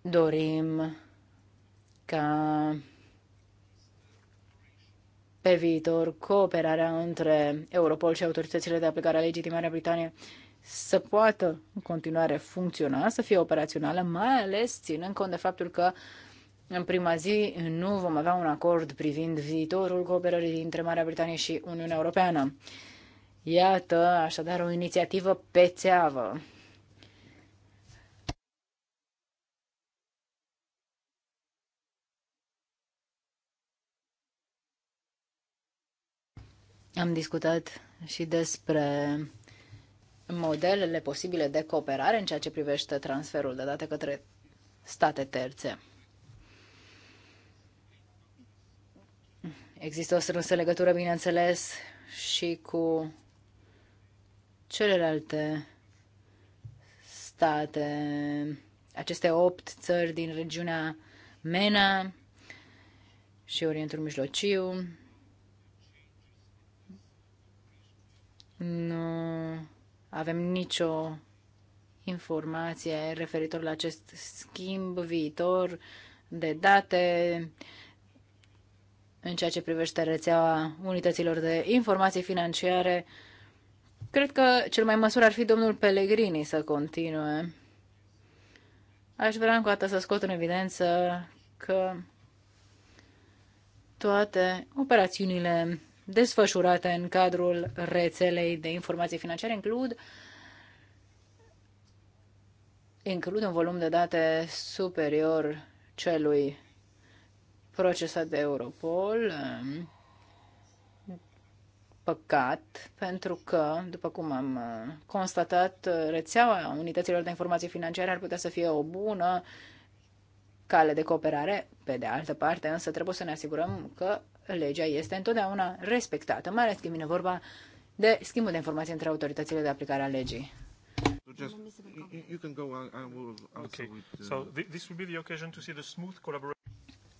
Dorim ca pe viitor cooperarea între Europol și autoritățile de aplicare a legii din Marea Britanie să poată în continuare funcționa, să fie operațională, mai ales ținând cont de faptul că în prima zi nu vom avea un acord privind viitorul cooperării dintre Marea Britanie și Uniunea Europeană. Iată, așadar, o inițiativă pe țeavă. Am discutat și despre modelele posibile de cooperare în ceea ce privește transferul de date către state terțe. Există o strânsă legătură, bineînțeles, și cu celelalte state, aceste opt țări din regiunea MENA și Orientul Mijlociu, Nu avem nicio informație referitor la acest schimb viitor de date în ceea ce privește rețeaua unităților de informații financiare. Cred că cel mai măsur ar fi domnul Pellegrini să continue. Aș vrea încă o dată să scot în evidență că toate operațiunile desfășurate în cadrul rețelei de informații financiare includ includ un volum de date superior celui procesat de Europol. Um, păcat, pentru că, după cum am uh, constatat, rețeaua unităților de informații financiare ar putea să fie o bună cale de cooperare. Pe de altă parte, însă, trebuie să ne asigurăm că legea este întotdeauna respectată, mai ales când vine vorba de schimbul de informații între autoritățile de aplicare a legii.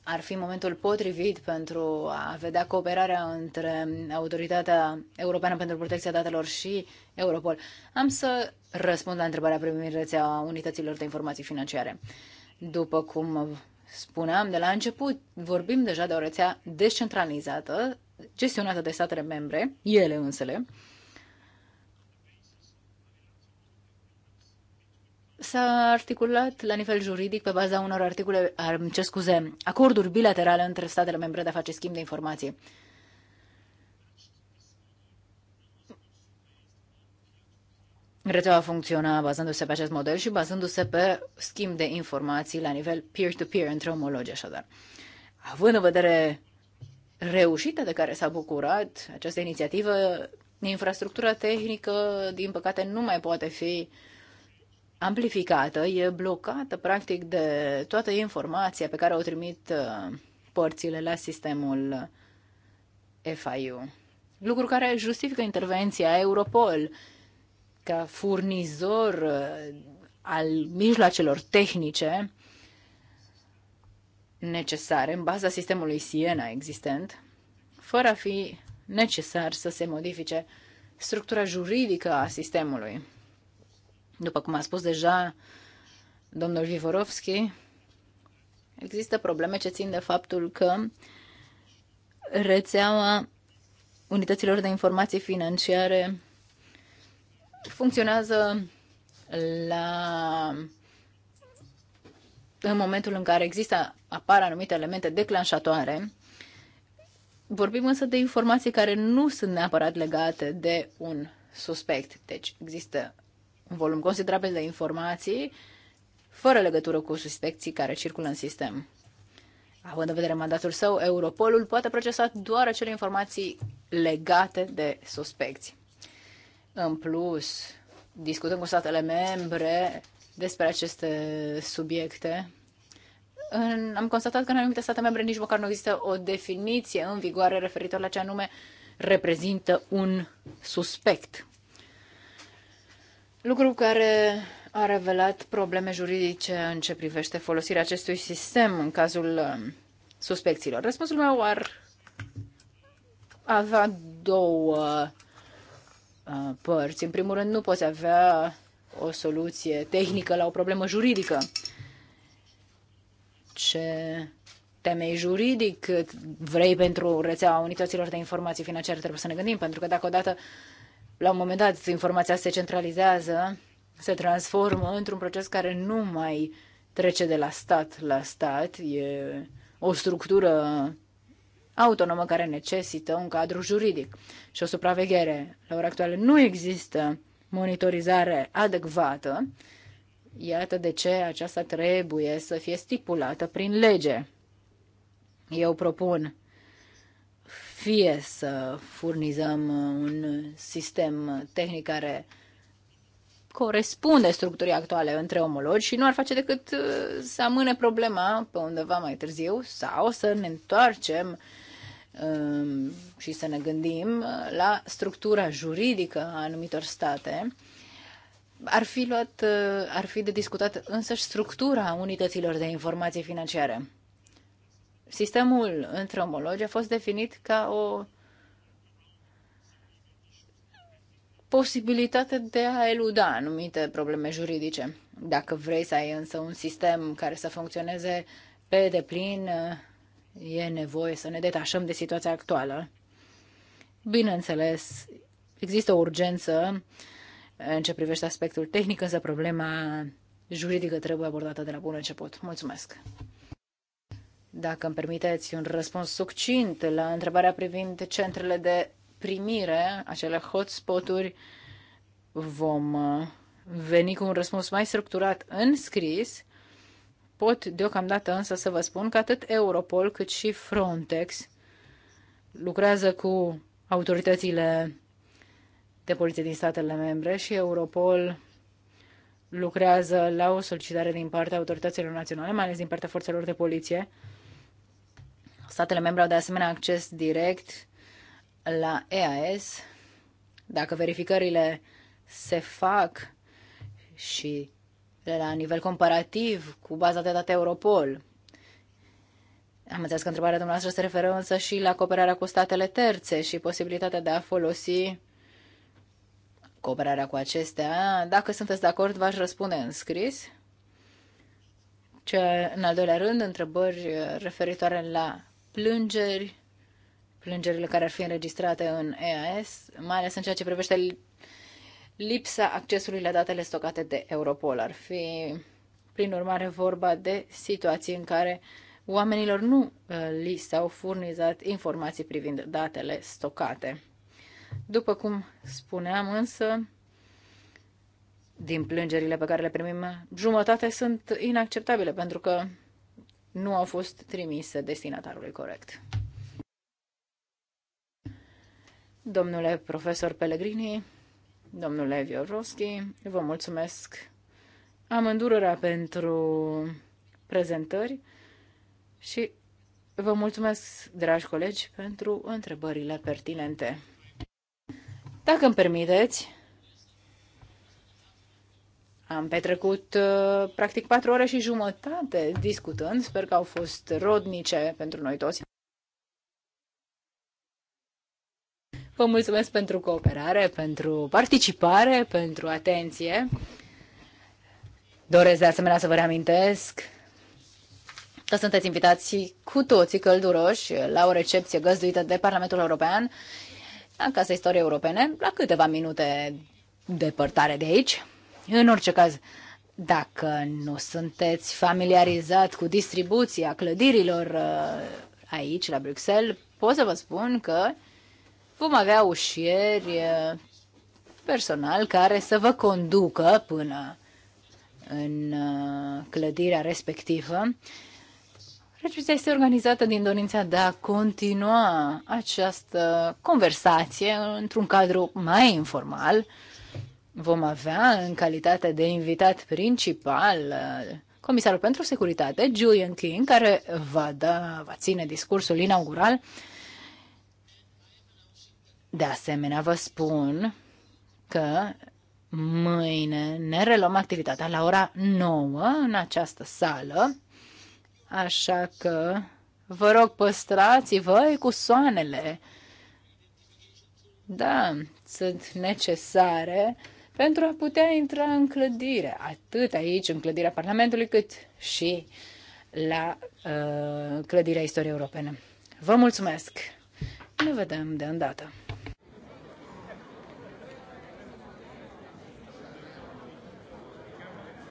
Ar fi momentul potrivit pentru a vedea cooperarea între Autoritatea Europeană pentru Protecția Datelor și Europol. Am să răspund la întrebarea privind rețea unităților de informații financiare. După cum spuneam de la început, vorbim deja de o rețea descentralizată, gestionată de statele membre, ele însele, s-a articulat la nivel juridic pe baza unor articole, ce scuze, acorduri bilaterale între statele membre de a face schimb de informații. rețeaua funcționa bazându-se pe acest model și bazându-se pe schimb de informații la nivel peer-to-peer -peer între omologi, așadar. Având în vedere reușita de care s-a bucurat această inițiativă, infrastructura tehnică, din păcate, nu mai poate fi amplificată, e blocată, practic, de toată informația pe care o trimit uh, părțile la sistemul FIU. Lucru care justifică intervenția Europol, ca furnizor uh, al mijloacelor tehnice necesare în baza sistemului Siena existent, fără a fi necesar să se modifice structura juridică a sistemului. După cum a spus deja domnul Vivorovski, există probleme ce țin de faptul că rețeaua unităților de informații financiare funcționează la în momentul în care există, apar anumite elemente declanșatoare, vorbim însă de informații care nu sunt neapărat legate de un suspect. Deci există un volum considerabil de informații fără legătură cu suspecții care circulă în sistem. Având în vedere mandatul său, Europolul poate procesa doar acele informații legate de suspecți. În plus, discutăm cu statele membre despre aceste subiecte. În, am constatat că în anumite state membre nici măcar nu există o definiție în vigoare referitor la ce anume reprezintă un suspect. Lucru care a revelat probleme juridice în ce privește folosirea acestui sistem în cazul um, suspecțiilor. Răspunsul meu ar avea două părți. În primul rând, nu poți avea o soluție tehnică la o problemă juridică. Ce temei juridic vrei pentru rețeaua unităților de informații financiare, trebuie să ne gândim, pentru că dacă odată, la un moment dat, informația se centralizează, se transformă într-un proces care nu mai trece de la stat la stat, e o structură autonomă care necesită un cadru juridic și o supraveghere. La ora actuală nu există monitorizare adecvată. Iată de ce aceasta trebuie să fie stipulată prin lege. Eu propun fie să furnizăm un sistem tehnic care corespunde structurii actuale între omologi și nu ar face decât uh, să amâne problema pe undeva mai târziu sau să ne întoarcem Um, și să ne gândim uh, la structura juridică a anumitor state, ar fi, luat, uh, ar fi de discutat însăși structura unităților de informații financiare. Sistemul între omologi a fost definit ca o posibilitate de a eluda anumite probleme juridice. Dacă vrei să ai însă un sistem care să funcționeze pe deplin uh, e nevoie să ne detașăm de situația actuală. Bineînțeles, există o urgență în ce privește aspectul tehnic, însă problema juridică trebuie abordată de la bun început. Mulțumesc! Dacă îmi permiteți un răspuns succint la întrebarea privind centrele de primire, acele hotspot-uri, vom uh, veni cu un răspuns mai structurat în scris Pot deocamdată însă să vă spun că atât Europol cât și Frontex lucrează cu autoritățile de poliție din statele membre și Europol lucrează la o solicitare din partea autorităților naționale, mai ales din partea forțelor de poliție. Statele membre au de asemenea acces direct la EAS. Dacă verificările se fac și la nivel comparativ cu baza de date Europol. Am înțeles că întrebarea dumneavoastră se referă însă și la cooperarea cu statele terțe și posibilitatea de a folosi cooperarea cu acestea. Dacă sunteți de acord, v-aș răspunde în scris. Ce, în al doilea rând, întrebări referitoare la plângeri, plângerile care ar fi înregistrate în EAS, mai ales în ceea ce privește lipsa accesului la datele stocate de Europol. Ar fi, prin urmare, vorba de situații în care oamenilor nu uh, li s-au furnizat informații privind datele stocate. După cum spuneam, însă, din plângerile pe care le primim, jumătate sunt inacceptabile pentru că nu au fost trimise destinatarului corect. Domnule profesor Pellegrini, domnule Viorovski. Vă mulțumesc Am amândurora pentru prezentări și vă mulțumesc, dragi colegi, pentru întrebările pertinente. Dacă îmi permiteți, am petrecut uh, practic patru ore și jumătate discutând, sper că au fost rodnice pentru noi toți. Vă mulțumesc pentru cooperare, pentru participare, pentru atenție. Doresc de asemenea să vă reamintesc că sunteți invitați cu toții călduroși la o recepție găzduită de Parlamentul European la Casa Istoriei Europene, la câteva minute depărtare de aici. În orice caz, dacă nu sunteți familiarizat cu distribuția clădirilor uh, aici, la Bruxelles, pot să vă spun că vom avea ușieri, eh, personal care să vă conducă până în eh, clădirea respectivă. Recepția este organizată din dorința de a continua această conversație într-un cadru mai informal. Vom avea, în calitate de invitat principal, eh, comisarul pentru securitate, Julian King, care va, da, va ține discursul inaugural de asemenea, vă spun că mâine ne reluăm activitatea la ora 9 în această sală, așa că vă rog păstrați-vă cu soanele. Da, sunt necesare pentru a putea intra în clădire, atât aici, în clădirea Parlamentului, cât și la uh, clădirea istoriei europene. Vă mulțumesc! Ne vedem de îndată!